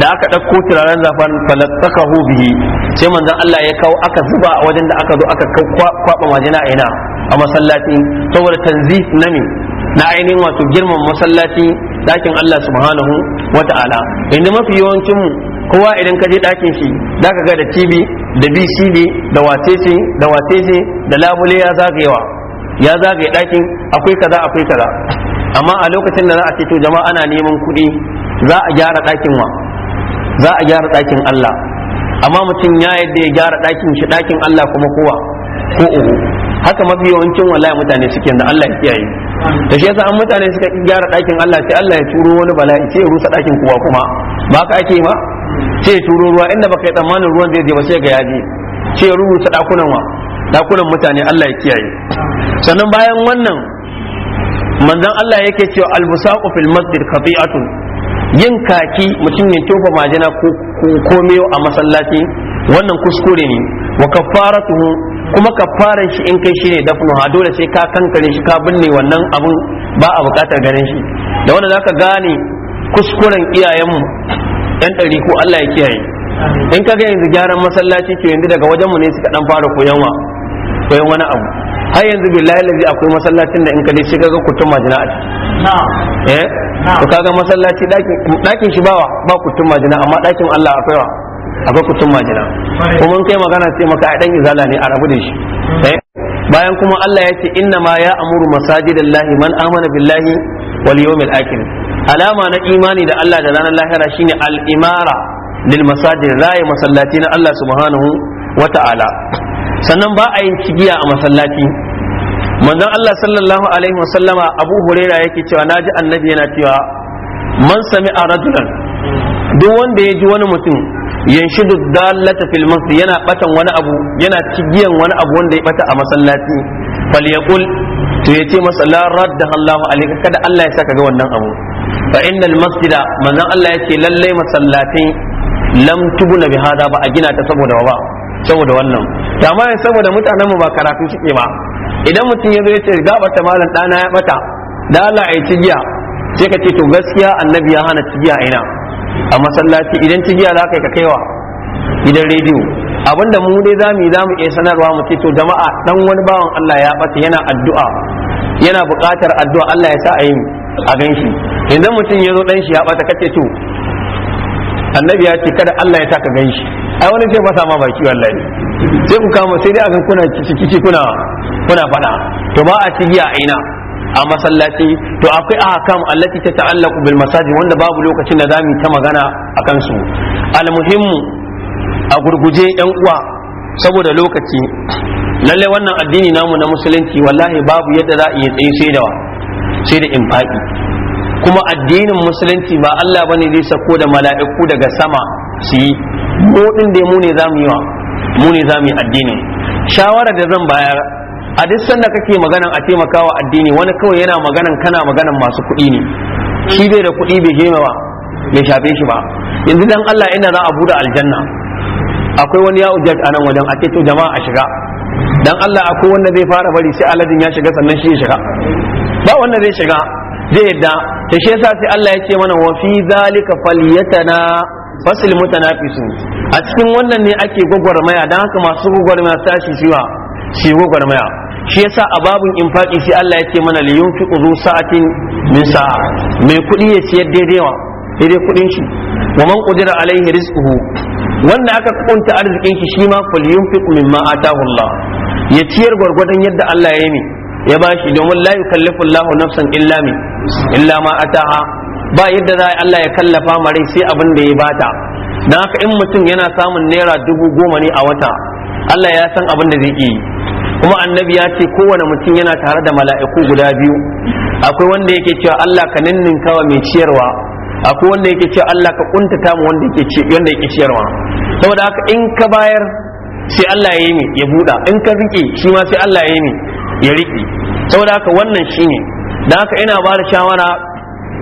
A: da aka ɗauko turaren zafar falattaka bihi sai manzon Allah ya kawo aka zuba a wajen da aka zo aka kwaba majina a ina a masallaci saboda tanzi na na ainihin wato girman masallaci ɗakin Allah subhanahu wa ta'ala inda mafi yawancin kowa idan ka je ɗakin shi za ka ga da TV da BCD da watece da da labule ya zagayewa ya zagaye ɗakin akwai kaza akwai kaza amma a lokacin da za a ce to jama'a ana neman kuɗi za a gyara ɗakin wa za a gyara ɗakin Allah amma mutum ya yadda ya gyara ɗakin shi ɗakin Allah kuma kowa ko uku haka mafi yawancin wallahi mutane suke da Allah ya kiyaye da shi yasa an mutane suka gyara ɗakin Allah sai Allah ya turo wani bala'i sai ya rusa ɗakin kowa kuma ba ka ake ma sai ya turo ruwa inda baka yi tsammanin ruwan zai je ba sai ga yaji sai ya rusa ɗakunan wa ɗakunan mutane Allah ya kiyaye sannan bayan wannan manzon Allah yake cewa al-musaqu fil masjid khati'atun yin kaki mutum ya tofa majina ko miyo a masallaci wannan kuskure ne wa tuhu kuma kafara shi in kai shi ne dafnu ha dole sai ka kankare shi ka binne wannan abun ba a bukatar ganin shi da wannan zaka gane kuskuren iyayenmu yan dari ko Allah ya kiyaye in ka ga yanzu gyaran masallaci ke yanzu daga wajen mu ne suka dan fara koyan wani abu har yanzu billahi lazi akwai masallacin da in kaje sai ga kutun majina a ciki eh to kaga masallaci dakin shi bawa ba kutun majina amma dakin Allah akwai wa akwai kutun majina kuma in kai magana sai maka ai dan izala ne a rabu da shi hmm. eh? bayan kuma Allah ya ce inna ma ya amuru masajidallahi man amana billahi wal yawmil akhir alama na imani da Allah da ranar lahira shine al imara lil masajid rayi masallati na Allah subhanahu wa ta'ala sannan ba a yin cigiya a masallaci manzon Allah sallallahu alaihi wasallama Abu Huraira yake cewa naji annabi yana cewa man sami a rajulan duk wanda ya ji wani mutum yanshidu dalata fil masjid yana batan wani abu yana cigiyan wani abu wanda ya bata a masallaci yaqul to ya ce masa la radda Allahu alayka kada Allah ya saka ga wannan abu fa innal masjida manzon Allah ya ce lalle masallatin lam tubuna bi hada ba a gina ta saboda ba saboda wannan amma yanzu saboda mutanen mu ba karatu suke ba idan mutum ya zo ya ce gabata malam dana ya bata da Allah ci cigiya sai ka ce to gaskiya annabi ya hana cigiya ina a masallaci idan cigiya za ka yi ka kaiwa gidan rediyo abinda mu dai zamu yi zamu iya sanarwa mu ce to jama'a dan wani bawan Allah ya bata yana addu'a yana buƙatar addu'a Allah ya sa a yi a ganshi idan mutum ya zo dan shi ya bata kace to annabi ya ce kada Allah ya taka gan shi ai wani ba fasa ma baki wallahi sai ku kama sai dai akan kuna ciki kuna kuna fada to ba a a aina a masallaci to akwai ahkam allati ta ta'allaqu bil masajid wanda babu lokacin da zamu ta magana akan su al muhimmu a gurguje yan uwa saboda lokaci lalle wannan addini namu na musulunci wallahi babu yadda za a yi tsaye sai da sai da infaki kuma addinin musulunci ba Allah bane zai sako da mala'iku daga sama su yi mu din da mu ne zamu yi wa mu ne zamu yi addinin shawara da zan bayar a duk sanda kake maganan a taimakawa addini wani kawai yana maganan kana maganan masu kuɗi ne shi bai da kuɗi bai gema ba bai shafe shi ba yanzu dan Allah ina za a bude aljanna akwai wani ya ujjat a nan wajen a to jama'a a shiga dan Allah akwai wanda zai fara bari sai aladin ya shiga sannan shi ya shiga ba wanda zai shiga zai yadda ta shi yasa sai Allah ya ce mana wa fi zalika falyatana fasil mutanafisu a cikin wannan ne ake gwagwarmaya don haka masu gwagwarmaya sa shi shiwa shi gwagwarmaya shi yasa a babun infaki sai Allah ya ce mana li yunfiqu uzu sa'atin min sa'a mai kudi ya siyar daidai wa daidai kudin shi wa man qadira alaihi rizquhu wanda aka kunta arzikin shi shi ma falyunfiqu mimma atahu Allah ya ciyar gwargwadon yadda Allah ya yi ya bashi domin la yukallifu Allahu nafsan illa mi illa ma ataha ba yadda za Allah ya kallafa mare sai abin da ya bata dan haka in mutum yana samun naira dubu goma ne a wata Allah ya san abin da zai yi kuma annabi ya ce kowane mutum yana tare da mala'iku guda biyu akwai wanda yake cewa Allah ka kawa mai ciyarwa akwai wanda yake cewa Allah ka kuntata mu wanda yake ci wanda yake ciyarwa saboda haka in ka bayar sai Allah ya yi mi ya buɗa in ka rike shi ma sai Allah ya yi mi ya riƙe saboda haka wannan shine da haka ina ba da shawara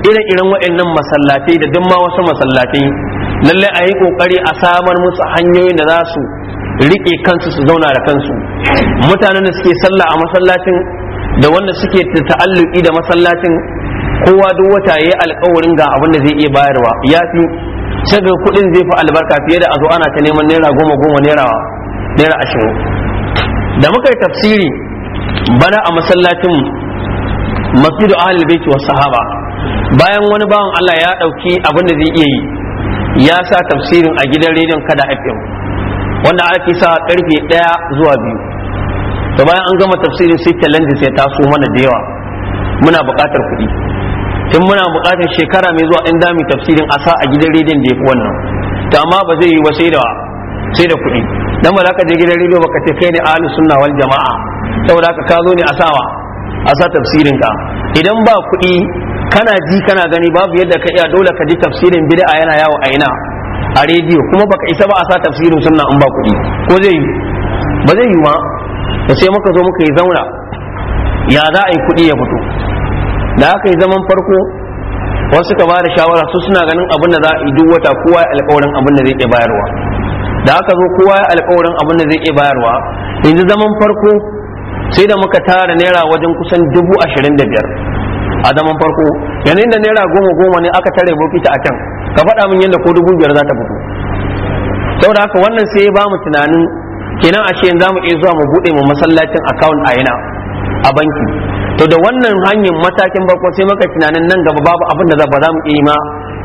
A: irin irin waɗannan masallatai da duk ma wasu masallatai lallai a yi ƙoƙari a samar musu hanyoyin da za su riƙe kansu su zauna da kansu mutanen da suke sallah a masallacin da wanda suke ta'alluki da masallacin kowa duk wata ya yi alkawarin ga abin da zai iya bayarwa ya fi shagar kuɗin zai fi albarka fiye da a zo ana ta neman naira goma goma naira naira ashirin da muka yi tafsiri bana a masallacin masjidu ahlul baiti wa sahaba bayan wani bawan Allah ya dauki abin da zai iya yi ya sa tafsirin a gidan rediyon kada FM wanda ake sa karfe 1 zuwa 2 to bayan an gama tafsirin sai challenge sai taso mana da yawa muna buƙatar kuɗi tun muna buƙatar shekara mai zuwa in dami tafsirin a sa a gidan rediyon da ya fi wannan to amma ba zai yi ba sai da sai da kuɗi dan ba za ka je gidan rediyo ka ce kai ne ahlus sunna wal jama'a saboda ka ka zo ne a sawa a sa tafsirin ka idan ba kuɗi kana ji kana gani babu yadda ka iya dole ka ji tafsirin bid'a yana yawo a ina a rediyo kuma baka isa ba a sa tafsirin sunna in ba kuɗi ko zai yi ba zai yi ma da sai muka zo muka yi zauna ya za a yi kuɗi ya fito da aka yi zaman farko wasu ka ba da shawara su suna ganin abin da za a yi duk wata kowa alƙawarin abin da zai iya bayarwa da aka zo kowa ya alkawarin abin da zai iya bayarwa yanzu zaman farko sai da muka tara naira wajen kusan dubu ashirin da biyar a zaman farko yanayin da naira goma goma ne aka tare bokiti a can ka faɗa min yadda ko dubu biyar za ta fito saboda haka wannan sai ya ba mu tunanin kenan a yanzu za mu iya zuwa mu buɗe mu masallacin account a yana a banki to da wannan hanyar matakin farko sai muka tunanin nan gaba babu abin da za ba za mu iya ma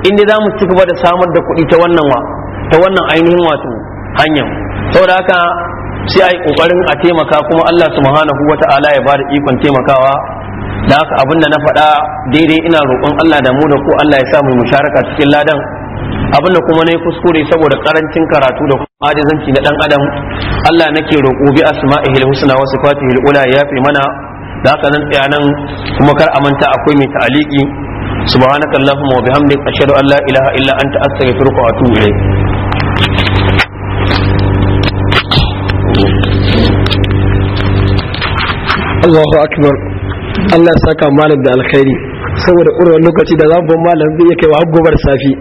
A: in za mu ci gaba da samar da kuɗi ta wannan wa ta wannan ainihin wato hanyar saboda haka sai a yi kokarin a taimaka kuma Allah subhanahu wata'ala ya bada ikon taimakawa da haka abin da na faɗa daidai ina roƙon Allah da mu da ku Allah ya sa mu musharaka cikin ladan abin da kuma na yi kuskure saboda karancin karatu da kuma ajizanci na dan adam Allah nake roƙo bi asma'ihil husna wa sifatihil ula ya fi mana da haka nan tsaya nan kuma kar manta akwai mai ta'aliki subhanakallahumma wa bihamdika ashhadu an la ilaha illa anta astaghfiruka wa atubu ilayk
B: Allahu akbar Allah ya saka malam da alkhairi saboda urwar lokaci da zan ban malam zai iya wa har gobar safi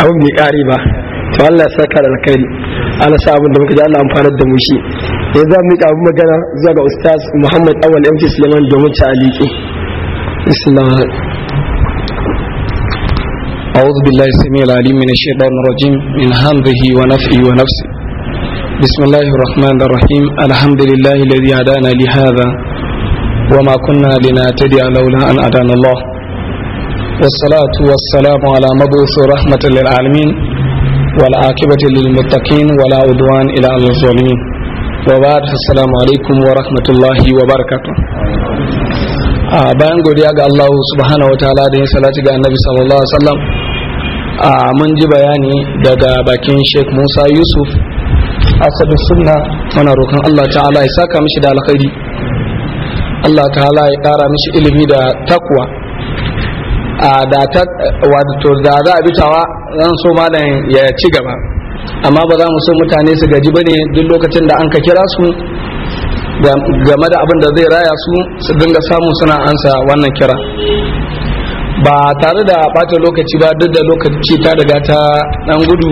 B: abin bai kare ba to Allah ya saka da alkhairi Allah sa abin da muka ji Allah amfanar da mu shi yanzu za mu yi abin magana zuwa ga ustaz Muhammad Awal MT Suleiman domin ta aliki Islam أعوذ بالله السميع العليم من الشيطان الرجيم من همزه ونفخه ونفسه بسم الله الرحمن الرحيم الحمد لله الذي هدانا لهذا وما كنا لنهتدي لولا أن هدانا الله والصلاة والسلام على مبعوث رحمة للعالمين والعاقبة للمتقين ولا عدوان إلى الظالمين وبعد السلام عليكم ورحمة الله وبركاته bayan godiya ga Allah subhanahu wa ta'ala da ya salati ga annabi sallallahu alaihi wasallam mun ji bayani daga bakin Sheikh Musa Yusuf asabi sunna muna roƙon Allah ta'ala ya saka mishi da alkhairi Allah ta'ala ya ƙara mishi ilimi da takwa da ta wato da za a bitawa zan so malam ya ci gaba amma ba za mu so mutane su gaji bane duk lokacin da an ka kira su game da abin da zai raya su su dinga samu suna ansa wannan kira ba tare da bata lokaci ba duk da lokaci ta daga ta dan gudu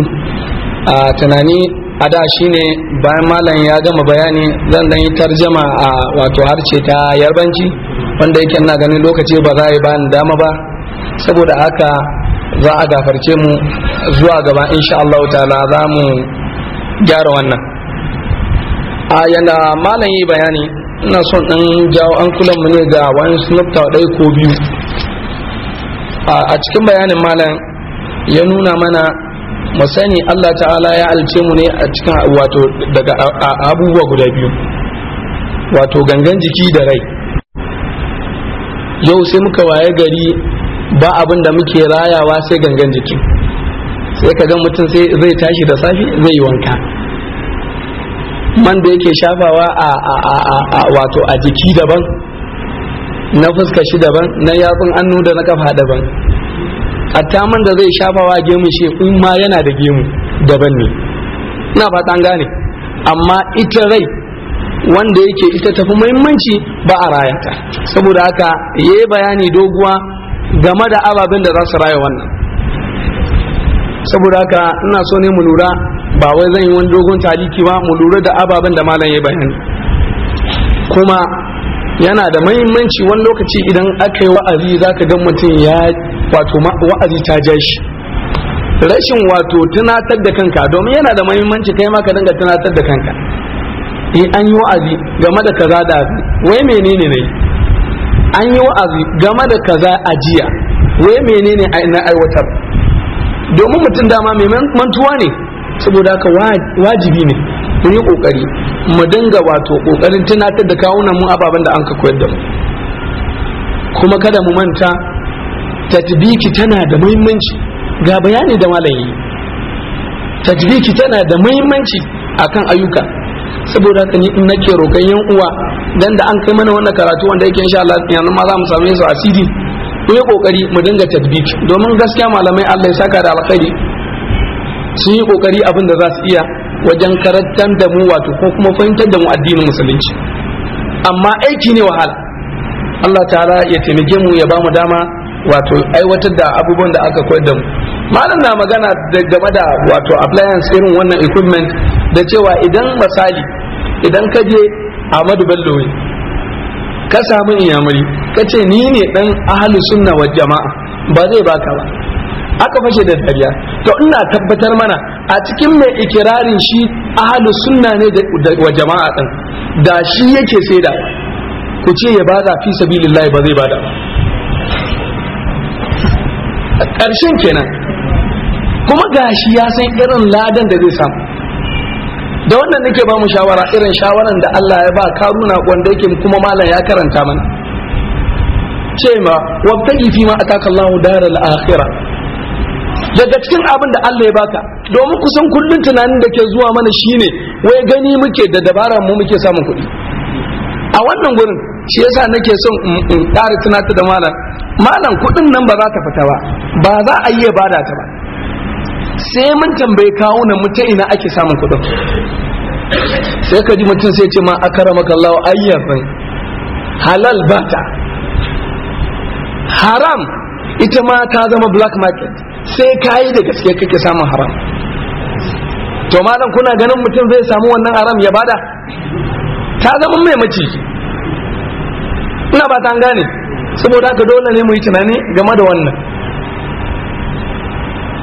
B: a tunani a da shine bayan malam ya gama bayani zan dan yi tarjama a wato harshe ta yarbanci wanda yake ina ganin lokaci ba za a yi bani dama ba saboda haka za a gafarce mu zuwa gaba insha Allah ta'ala za mu gyara wannan a yanda malam yi bayani ina son dan jawo an mu ne ga wani sunubta dai ko biyu a cikin bayanin malam ya nuna mana mu sani Allah ta'ala ya alce mu ne a cikin wato daga abubuwa guda biyu wato gangan jiki da rai yau sai muka waye gari ba abin da muke rayawa sai gangan jiki sai ka ga mutum sai zai tashi da safi zai yi wanka man da yake shafawa a wato a jiki daban na fuska shi daban na yatsun annu da na kafa daban hatta man da zai shafa wa gemu shi in ma yana da gemu daban ne ina fatan gane amma ita rai wanda yake ita tafi muhimmanci ba a rayanta saboda haka ya yi bayani doguwa game da ababen da za su raya wannan saboda haka ina so ne mu lura ba wai zan yi wani dogon taliki ba mu lura da ababen da malam ya bayani kuma yana da mahimmanci wani lokaci idan aka yi wa'azi za ka gan mutum ya wato wa'azi ta ja shi rashin wato tunatar da kanka domin yana da mahimmanci kai ma ka dinga tunatar da kanka in an yi wa'azi game da kaza da wai menene ne an yi wa'azi game da kaza a jiya wai menene na aiwatar domin mutum dama mai mantuwa ne saboda haka wajibi ne mu yi kokari mu dinga wato kokarin tunatar da kawunan mu ababen da an ka koyar da mu kuma kada mu manta tatbiki tana da muhimmanci ga bayani da malayi tatbiki tana da muhimmanci akan ayyuka saboda haka ni in nake roƙon yan uwa dan da an kai mana wannan karatu wanda yake insha Allah yanzu ma za mu same su a CD mu yi kokari mu dinga tatbiki domin gaskiya malamai Allah ya saka da alkhairi sun yi kokari abin da za su iya wajen karantar da mu wato ko kuma fahimtar da mu addinin musulunci amma aiki ne wahala Allah ta'ala ya taimake mu ya bamu dama wato aiwatar da abubuwan da aka koyar da mu malam na magana da game da wato appliance irin wannan equipment da cewa idan misali idan ka je Ahmadu Bello ka samu inyamuri ka ce ni ne dan ahlus sunna wal jama'a ba zai baka ba aka fashe da dariya to ina tabbatar mana a cikin mai ikirarin shi ahlus sunna ne wa jama'a din da shi yake saida ku ce ya bada fi sabilillahi ba zai bada karshen kenan kuma gashi ya san irin ladan da zai samu da wannan nake ba mu shawara irin shawaran da Allah ya ba karuna wanda yake kuma malam ya karanta mana ce ma wabtagi fi ma ataka Allahu daral akhirah daga cikin abin da Allah ya baka domin kusan kullun tunanin da ke zuwa mana shine wai gani muke da dabaran mu muke samun kuɗi a wannan gurin shi yasa nake son in ƙara tunata da malam malam kuɗin nan ba za ta fita ba ba za a iya bada ta ba sai mun tambaye kawo nan ta ina ake samun kuɗin sai ka ji mutum sai ce ma akaramaka Allah ayyafan halal bata haram ita ma ta zama black market sai ka yi da gaske kake samun haram to malam kuna ganin mutum zai samu wannan haram ya bada ta zama mai mace ina ba ta gane saboda haka dole ne mu yi tunani game da wannan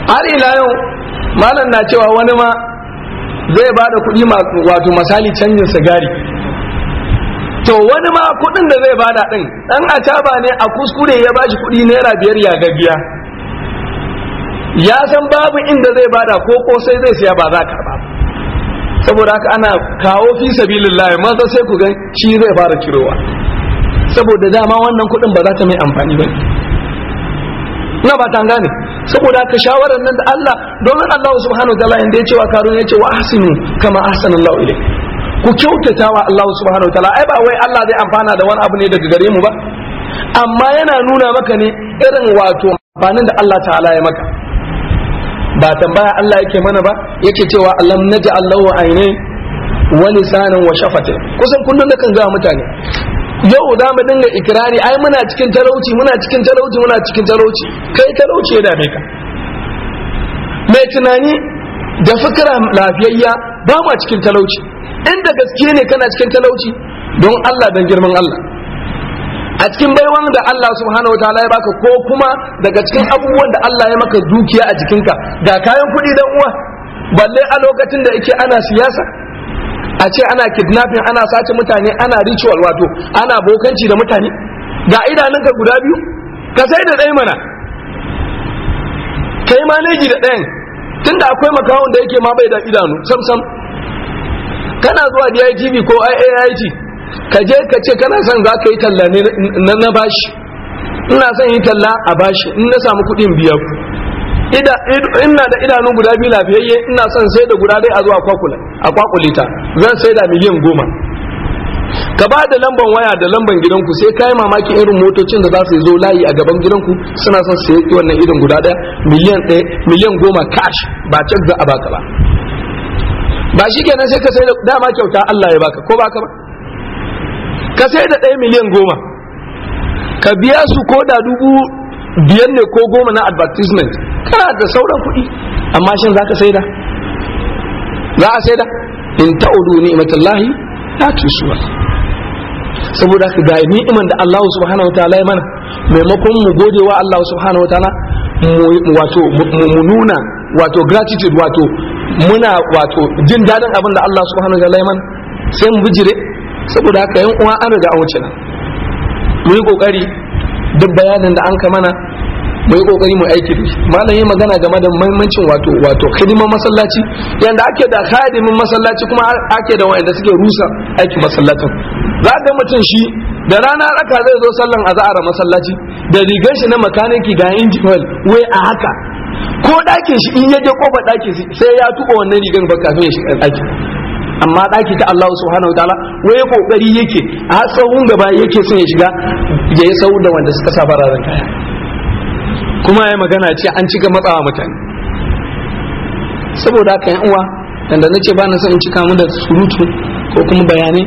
B: har ila yau malam na cewa wani ma zai ba da kuɗi wato misali canjin sigari to wani ma kuɗin da zai bada ɗin ɗan acaba ne a kuskure ya bashi kuɗi naira biyar ya gaggiya ya san babu inda zai bada ko sai zai siya ba za ka ba saboda haka ana kawo fi sabilillah maza sai ku gan shi zai fara kirowa saboda dama wannan kuɗin ba za ta mai amfani ba na ba ta gane saboda ka shawarar nan da Allah domin Allah subhanahu wa ta'ala inda ya ce wa karun ya ce wa ahsinu kama la'u ilayk ku kyautata wa Allah subhanahu wa ta'ala ai ba wai Allah zai amfana da wani abu ne daga gare mu ba amma yana nuna maka ne irin wato amfanin da Allah ta'ala ya maka ba tambaya Allah yake mana ba yake cewa alam Allah wa aine wa lisanan wa shafatayn kusan kullun kan ga mutane yau da mu dinga ikirari ai muna cikin talauci muna cikin talauci muna cikin talauci kai talauci ya dame ka mai tunani da fikira lafiyayya ba ma cikin talauci inda gaske ne kana cikin talauci don Allah dan girman Allah a cikin baiwan da Allah subhanahu wa ta'ala ya baka ko kuma daga cikin abubuwan da Allah ya maka dukiya a jikinka ga kayan kuɗi dan uwa balle a lokacin da yake ana siyasa a ce ana kidnapping ana sace mutane ana ritual wato ana bokanci da mutane ga idanunka guda biyu ka sai da ɗaya mana kai maneji da ɗayan tunda akwai makawon da yake ma bai da idanu sam sam kana zuwa DITV ko IAIT ka je ka ce kana son za ka yi talla na bashi ina son yi talla a bashi in na samu kuɗin biya ku ina da idanu guda biyu lafiyayye ina son sai da guda dai a zuwa kwakula a kwakulita zan sai da miliyan goma ka ba da lamban waya da lamban gidanku sai kai mamaki irin motocin da za su zo layi a gaban gidanku suna son su yi wannan irin guda ɗaya miliyan ɗaya miliyan goma cash ba cek za a baka ba ba shi kenan sai ka sai da dama kyauta Allah ya baka ko baka ba ka sai da ɗaya miliyan goma ka biya su ko da dubu biyan ne ko goma na advertisement kana da sauran kuɗi amma shin za ka sai da za a sai da in ta'udu ni'matallahi la tusuha saboda haka ga ni'iman da Allah subhanahu wataala ya mana maimakon mu gode wa Allah subhanahu wataala wato mu nuna wato gratitude wato muna wato jin dadin abin da Allah subhanahu wataala ya mana sai mu bijire saboda haka yan uwa an riga an wuce nan mu yi kokari duk bayanin da an ka mana mu yi kokari mu aiki da shi malam yi magana game da muhimmancin wato wato hidimar masallaci yanda ake da hadimin masallaci kuma ake da wanda suke rusa aikin masallacin za ga mutum shi da rana raka zai zo sallan azhar masallaci da rigar shi na makaniki ga injin oil wai a haka ko dakin shi in ya je kofar dakin sai ya tuba wannan rigar ba kafin ya shiga dakin amma daki ta Allah subhanahu wataala wai kokari yake a tsawon gaba yake son ya shiga ya yi sau da wanda suka sa fararen kaya kuma ya magana ce an cika matsawa mutane saboda haka yan uwa dan nace ba na son in cika mu da surutu ko kuma bayanai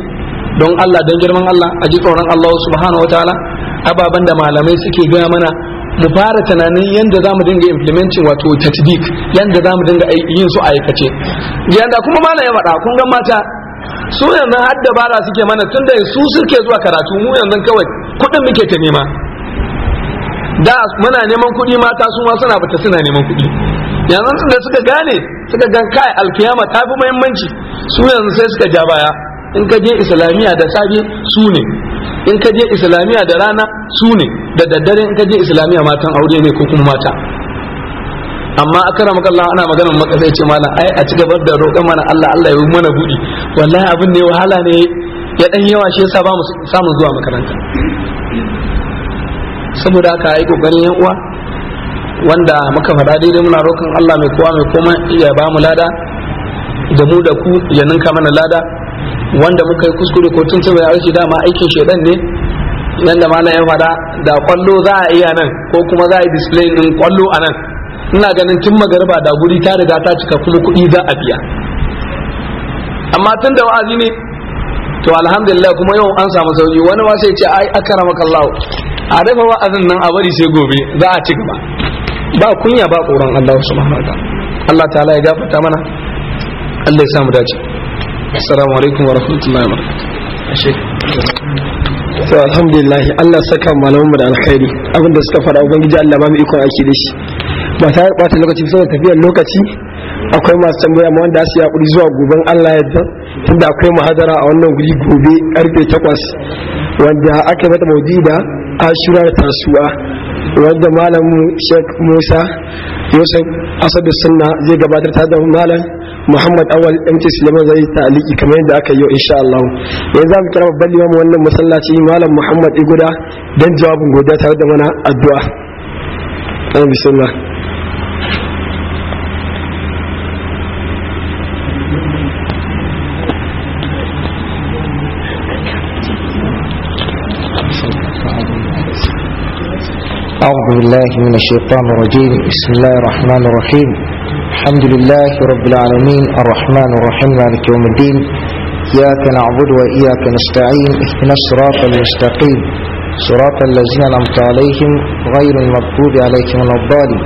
B: don Allah don girman Allah a ji tsoron Allah subhanahu wataala ababan da malamai suke gaya mana mu fara tunanin yadda za mu dinga implementing wato tatbik yadda za mu dinga yin su a aikace yadda kuma mana ya faɗa kun ga mata su yanzu har bara suke mana tun da su suke zuwa karatu mu yanzu kawai kuɗin muke ta nema da muna neman kuɗi mata su ma suna bata suna neman kuɗi yanzu da suka gane suka gan kai alkiyama ta fi muhimmanci su yanzu sai suka ja baya in ka je islamiyya da safe su ne in ka je islamiyya da rana su ne da daddare in ka je islamiyya matan aure ne ko kuma mata amma a kara maka ana maganar makasai ce mana ai a cigaba da roƙon mana Allah Allah ya yi mana buɗi wallahi abin ne wahala ne ya ɗan yawa shi yasa ba mu samun zuwa makaranta saboda haka ai kokarin yan uwa wanda muka faɗa daidai muna roƙon Allah mai kowa mai koma, ya ba mu lada da mu da ku ya ninka mana lada wanda muka yi kuskure ko tun tuba harshe dama aikin shaidan ne nan da malam ya fada da kwallo za a iya nan ko kuma za a yi display din kwallo a nan ina ganin tun magarba da guri ta riga ta cika kuma kuɗi za a biya amma tun da wa'azi ne to alhamdulillah kuma yau an samu sauki wani ma sai ce ai akaramaka Allah a rufe wa'azin nan a bari sai gobe za a ci gaba ba kunya ba tsoron Allah subhanahu wa ta'ala Allah ta'ala ya gafarta mana Allah ya samu dace assalamu alaikum wa rahmatullahi wa barakatuh to alhamdulillah Allah saka mu da alkhairi da suka fara ubangiji Allah ba mu ikon aiki da shi ba ta yi ɓata lokaci saboda tafiyar lokaci akwai masu tambaya ma wanda su yaƙuri zuwa goben Allah yadda tunda akwai mahadara a wannan guri gobe karfe takwas wanda aka mata maudi da ashura da tasuwa wanda malamin Sheikh Musa Yusuf Asadu Sunna zai gabatar ta da malamin muhammad awal mc suleiman zai ta'aliki kamar yadda aka yi insha Allah yanzu zamu kira babban limamin wannan masallaci malam muhammad iguda dan jawabin godiya tare da mana addu'a bismillah
C: أعوذ بالله من الشيطان الرجيم بسم الله الرحمن الرحيم الحمد لله رب العالمين الرحمن الرحيم مالك يوم الدين إياك نعبد وإياك نستعين اهدنا الصراط المستقيم صراط الذين أنعمت عليهم غير المغضوب عليهم ولا الضالين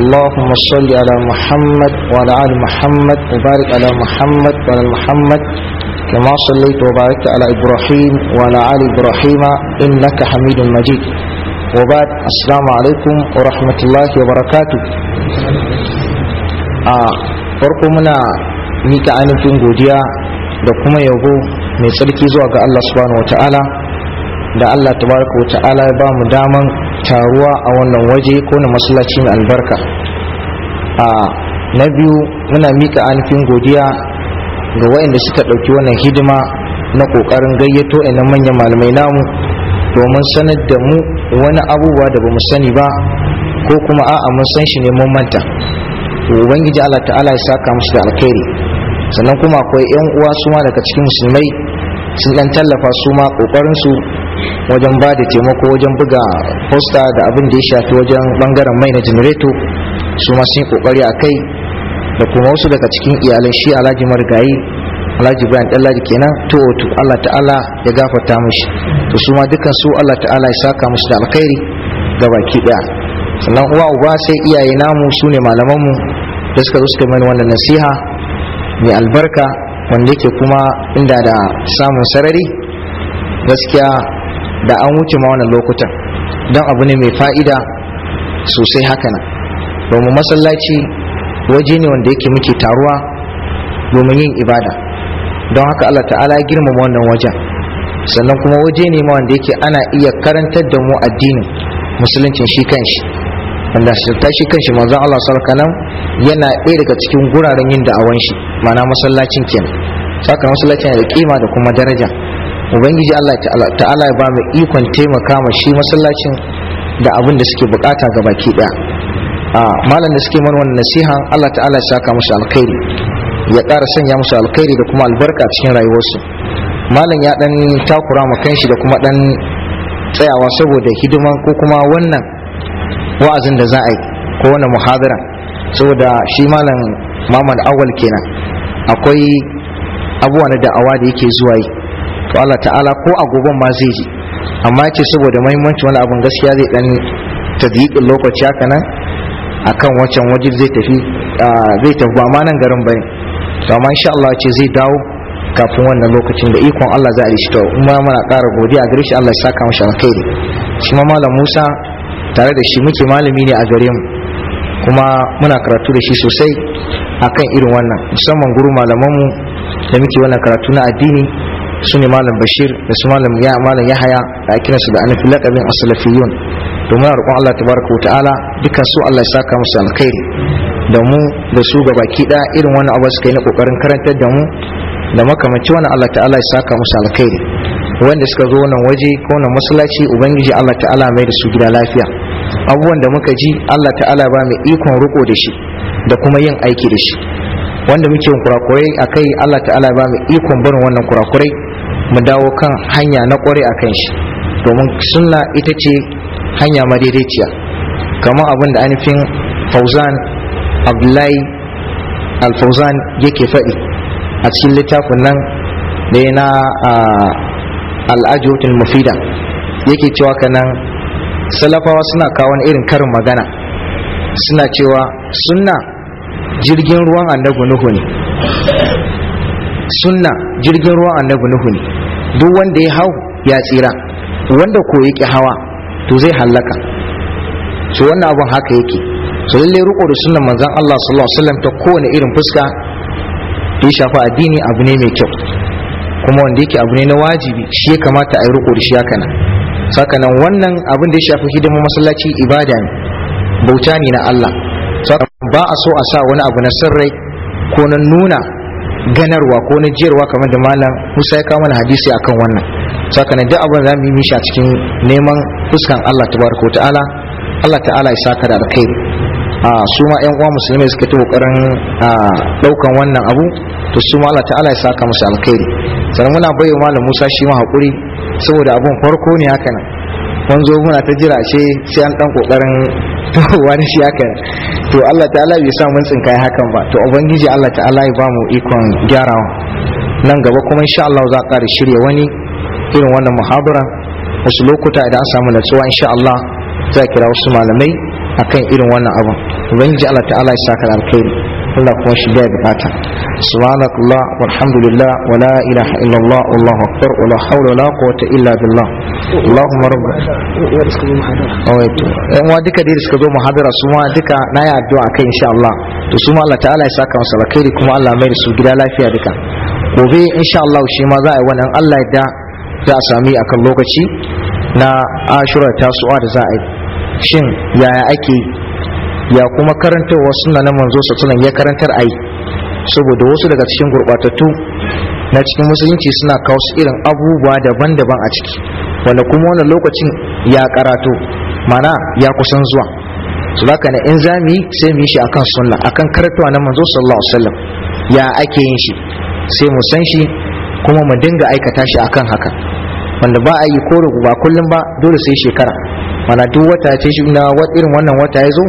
C: اللهم صل على محمد وعلى آل محمد وبارك على محمد وعلى محمد كما صليت وباركت على إبراهيم وعلى آل إبراهيم إنك حميد مجيد وبعد السلام عليكم ورحمة الله وبركاته a farko muna mika ainihin godiya da kuma yabo mai tsarki zuwa ga Allah subhanahu wa ta'ala da Allah tabaraka wa ta'ala ya ba mu daman taruwa a wannan waje ko na masallaci mai albarka a na biyu muna mika ainihin godiya ga waɗanda suka ɗauki wannan hidima na ƙoƙarin gayyato ina manyan malamai namu domin sanar da mu wani abubuwa da ba mu sani ba ko kuma a'a mun san shi ne mun manta ubangiji Allah ta'ala ya saka musu da alkhairi sannan kuma akwai yan uwa su ma daga cikin musulmai sun dan tallafa su ma kokarin su wajen ba da taimako wajen buga posta da abin da ya shafi wajen bangaren mai na janareto su ma sun kokari a kai da kuma wasu daga cikin iyalan shi alhaji marigayi alhaji bayan ɗallari kenan to to allah ta'ala ya gafarta mushi to su ma dukan su allah ta'ala ya saka musu da alkhairi ga baki daya sannan uwa uba sai iyaye namu su ne malamanmu da suka zo suka wannan nasiha mai albarka wanda yake kuma inda da samun sarari gaskiya da an wuce ma wannan lokutan don abu ne mai fa'ida sosai haka na, domin masallaci waje ne wanda yake muke taruwa domin yin ibada don haka allah ta'ala ya girmama wannan wajen sannan kuma waje ne ma wanda yake ana iya karantar da mu addinin musuluncin shi kanshi wanda ta shi kanshi manzon Allah sallallahu alaihi yana ɗaya daga cikin guraren yin da'awan shi ma'ana masallacin kenan saka masallacin da kima da kuma daraja ubangiji Allah ta'ala ya ba mu ikon taimaka ma shi masallacin da abin da suke bukata ga baki daya a malam da suke mana wannan nasiha Allah ta'ala ya saka musu alkhairi ya ƙara sanya musu alkhairi da kuma albarka cikin rayuwarsu malam ya dan takura ma kanshi da kuma dan tsayawa saboda hidiman ko kuma wannan wa'azin da za a yi ko wani muhadara saboda shi malam mamal awal kenan akwai abubuwa na da'awa da yake zuwa yi to Allah ta'ala ko a goben ma zai ji amma ce saboda muhimmanci wani abun gaskiya zai dan tadiqin lokaci haka nan akan wancan waje zai tafi zai tafi ba ma nan garin bane to amma insha Allah ce zai dawo kafin wannan lokacin da ikon Allah za a yi shi to in ma muna ƙara godiya gare shi Allah ya saka masa alkhairi shi ma malam Musa tare da shi muke malami ne a gare mu kuma muna karatu da shi sosai akan irin wannan musamman guru malamanmu da muke wannan karatu na addini su ne malam bashir da su malam ya malam yahaya da ake su da anafi laƙabin asalafiyun domin a roƙon allah tabaraka ta'ala dukkan su allah ya saka musu alkhairi da mu da su ga baki ɗaya irin wannan abu suka yi na ƙoƙarin karantar da mu da makamanci wannan allah ta'ala ya saka musu alkhairi wanda suka zo wannan waje ko wannan masallaci ubangiji allah ta'ala mai da su gida lafiya abubuwan da muka ji Allah ta'ala ba mu ikon riko da shi da kuma yin aiki da shi wanda muke kurakurai a kai Allah ta'ala ba mu ikon barin wannan kurakurai mu dawo kan hanya na kware a kan shi domin sunna ita ce hanya madaidaiciya kamar abin da anifin fauzan abdullahi fauzan yake faɗi a cikin littafin nan da na ah, al'ajotin mufida yake cewa kanan salafawa suna kawo wani irin karin magana suna cewa sunna jirgin ruwan annabi nuhu ne sunna jirgin ruwan annabi nuhu ne duk wanda ya hau ya tsira wanda ko yake hawa to zai hallaka to wannan abun haka yake su lalle riko da sunan manzan Allah sallallahu alaihi wasallam ta kowane irin fuska ya shafa addini abu ne mai kyau kuma wanda yake abu ne na wajibi shi ya kamata a yi riko da shi haka nan sakanan wannan abin da ya shafi hidimar masallaci ibada ne bauta ne na Allah ba a so a sa wani abu na sirrai ko na nuna ganarwa ko na jiyarwa kamar da malam Musa ya kawo hadisi akan wannan sakanan duk abin zamu mu yi mishi a cikin neman fuskan Allah tabaraka ta'ala Allah ta'ala ya saka da alkhairi su ma ƴan uwa musulmai suka ta kokarin daukan wannan abu to su ma Allah ta'ala ya saka musu alkhairi sannan muna bai malam musa shi ma haƙuri saboda abun farko ne haka nan mun muna ta jira ce sai an dan kokarin towa shi haka to Allah ta'ala bai sa mun tsinkaya hakan ba to ubangiji Allah ta'ala ya ba mu ikon gyarawa nan gaba kuma insha Allah za ka shirya wani irin wannan muhabara wasu lokuta idan an samu natsuwa insha Allah za kira wasu malamai akan irin wannan abun ubangiji Allah ta'ala ya saka alkhairi Allah kuma shi da bukata subhanakallah walhamdulillah wala ilaha illallah wallahu akbar wala hawla wala quwwata illa billah Allahumma rabb yan wa duka dai suka zo muhadara su ma duka na yi addu'a kai insha Allah to su ma Allah ta'ala ya saka musu alkhairi kuma Allah mai su gida lafiya duka gobe insha Allah shi ma za a yi wannan Allah ya da za a sami akan lokaci na ashura ta tasu'a da za a yi shin yaya ake ya kuma karantarwa suna na manzo sallallahu ya karantar ai saboda wasu daga cikin gurbatattu na cikin musulunci suna kawo su irin abubuwa daban-daban a ciki wanda kuma wani lokacin ya karatu mana ya kusan zuwa su zaka na in zami sai mu yi shi akan sunna akan karantawa na manzo sallallahu alaihi wasallam ya ake yin shi sai mu san shi kuma mu dinga aikata shi akan haka wanda ba a yi ko ba kullum ba dole sai shekara mana duk wata ce shi na irin wannan wata ya zo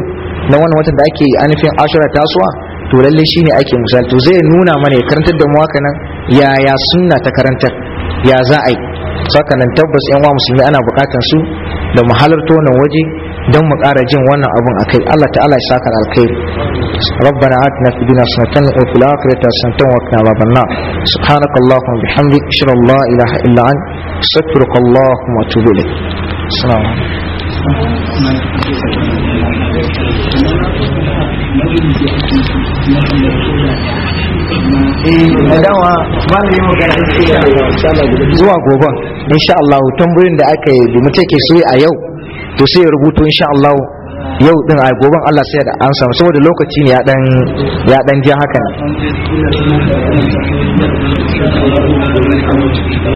C: na wannan watan da ake anufin ashirar tasuwa to lalle shine ake misali to zai nuna mana ya karantar da mu haka nan ya sunna ta karantar ya za a yi saka nan tabbas yan uwa musulmi ana bukatan su da mu halarta wannan waje don mu ƙara jin wannan abun akai Allah ta'ala ya saka alkhairi ربنا آتنا في الدنيا حسنة وفي الآخرة حسنة وقنا عذاب النار سبحانك اللهم وبحمدك أشهد أن لا إله إلا أنت أستغفرك اللهم وأتوب إليك السلام
B: عليكم dawa malami mu ga zuwa
C: gobe insha Allah tambayoyin da aka yi mu take su a yau to sai rubutu insha Allah yau din a goben Allah sai da an samu saboda lokaci ne ya dan ya dan haka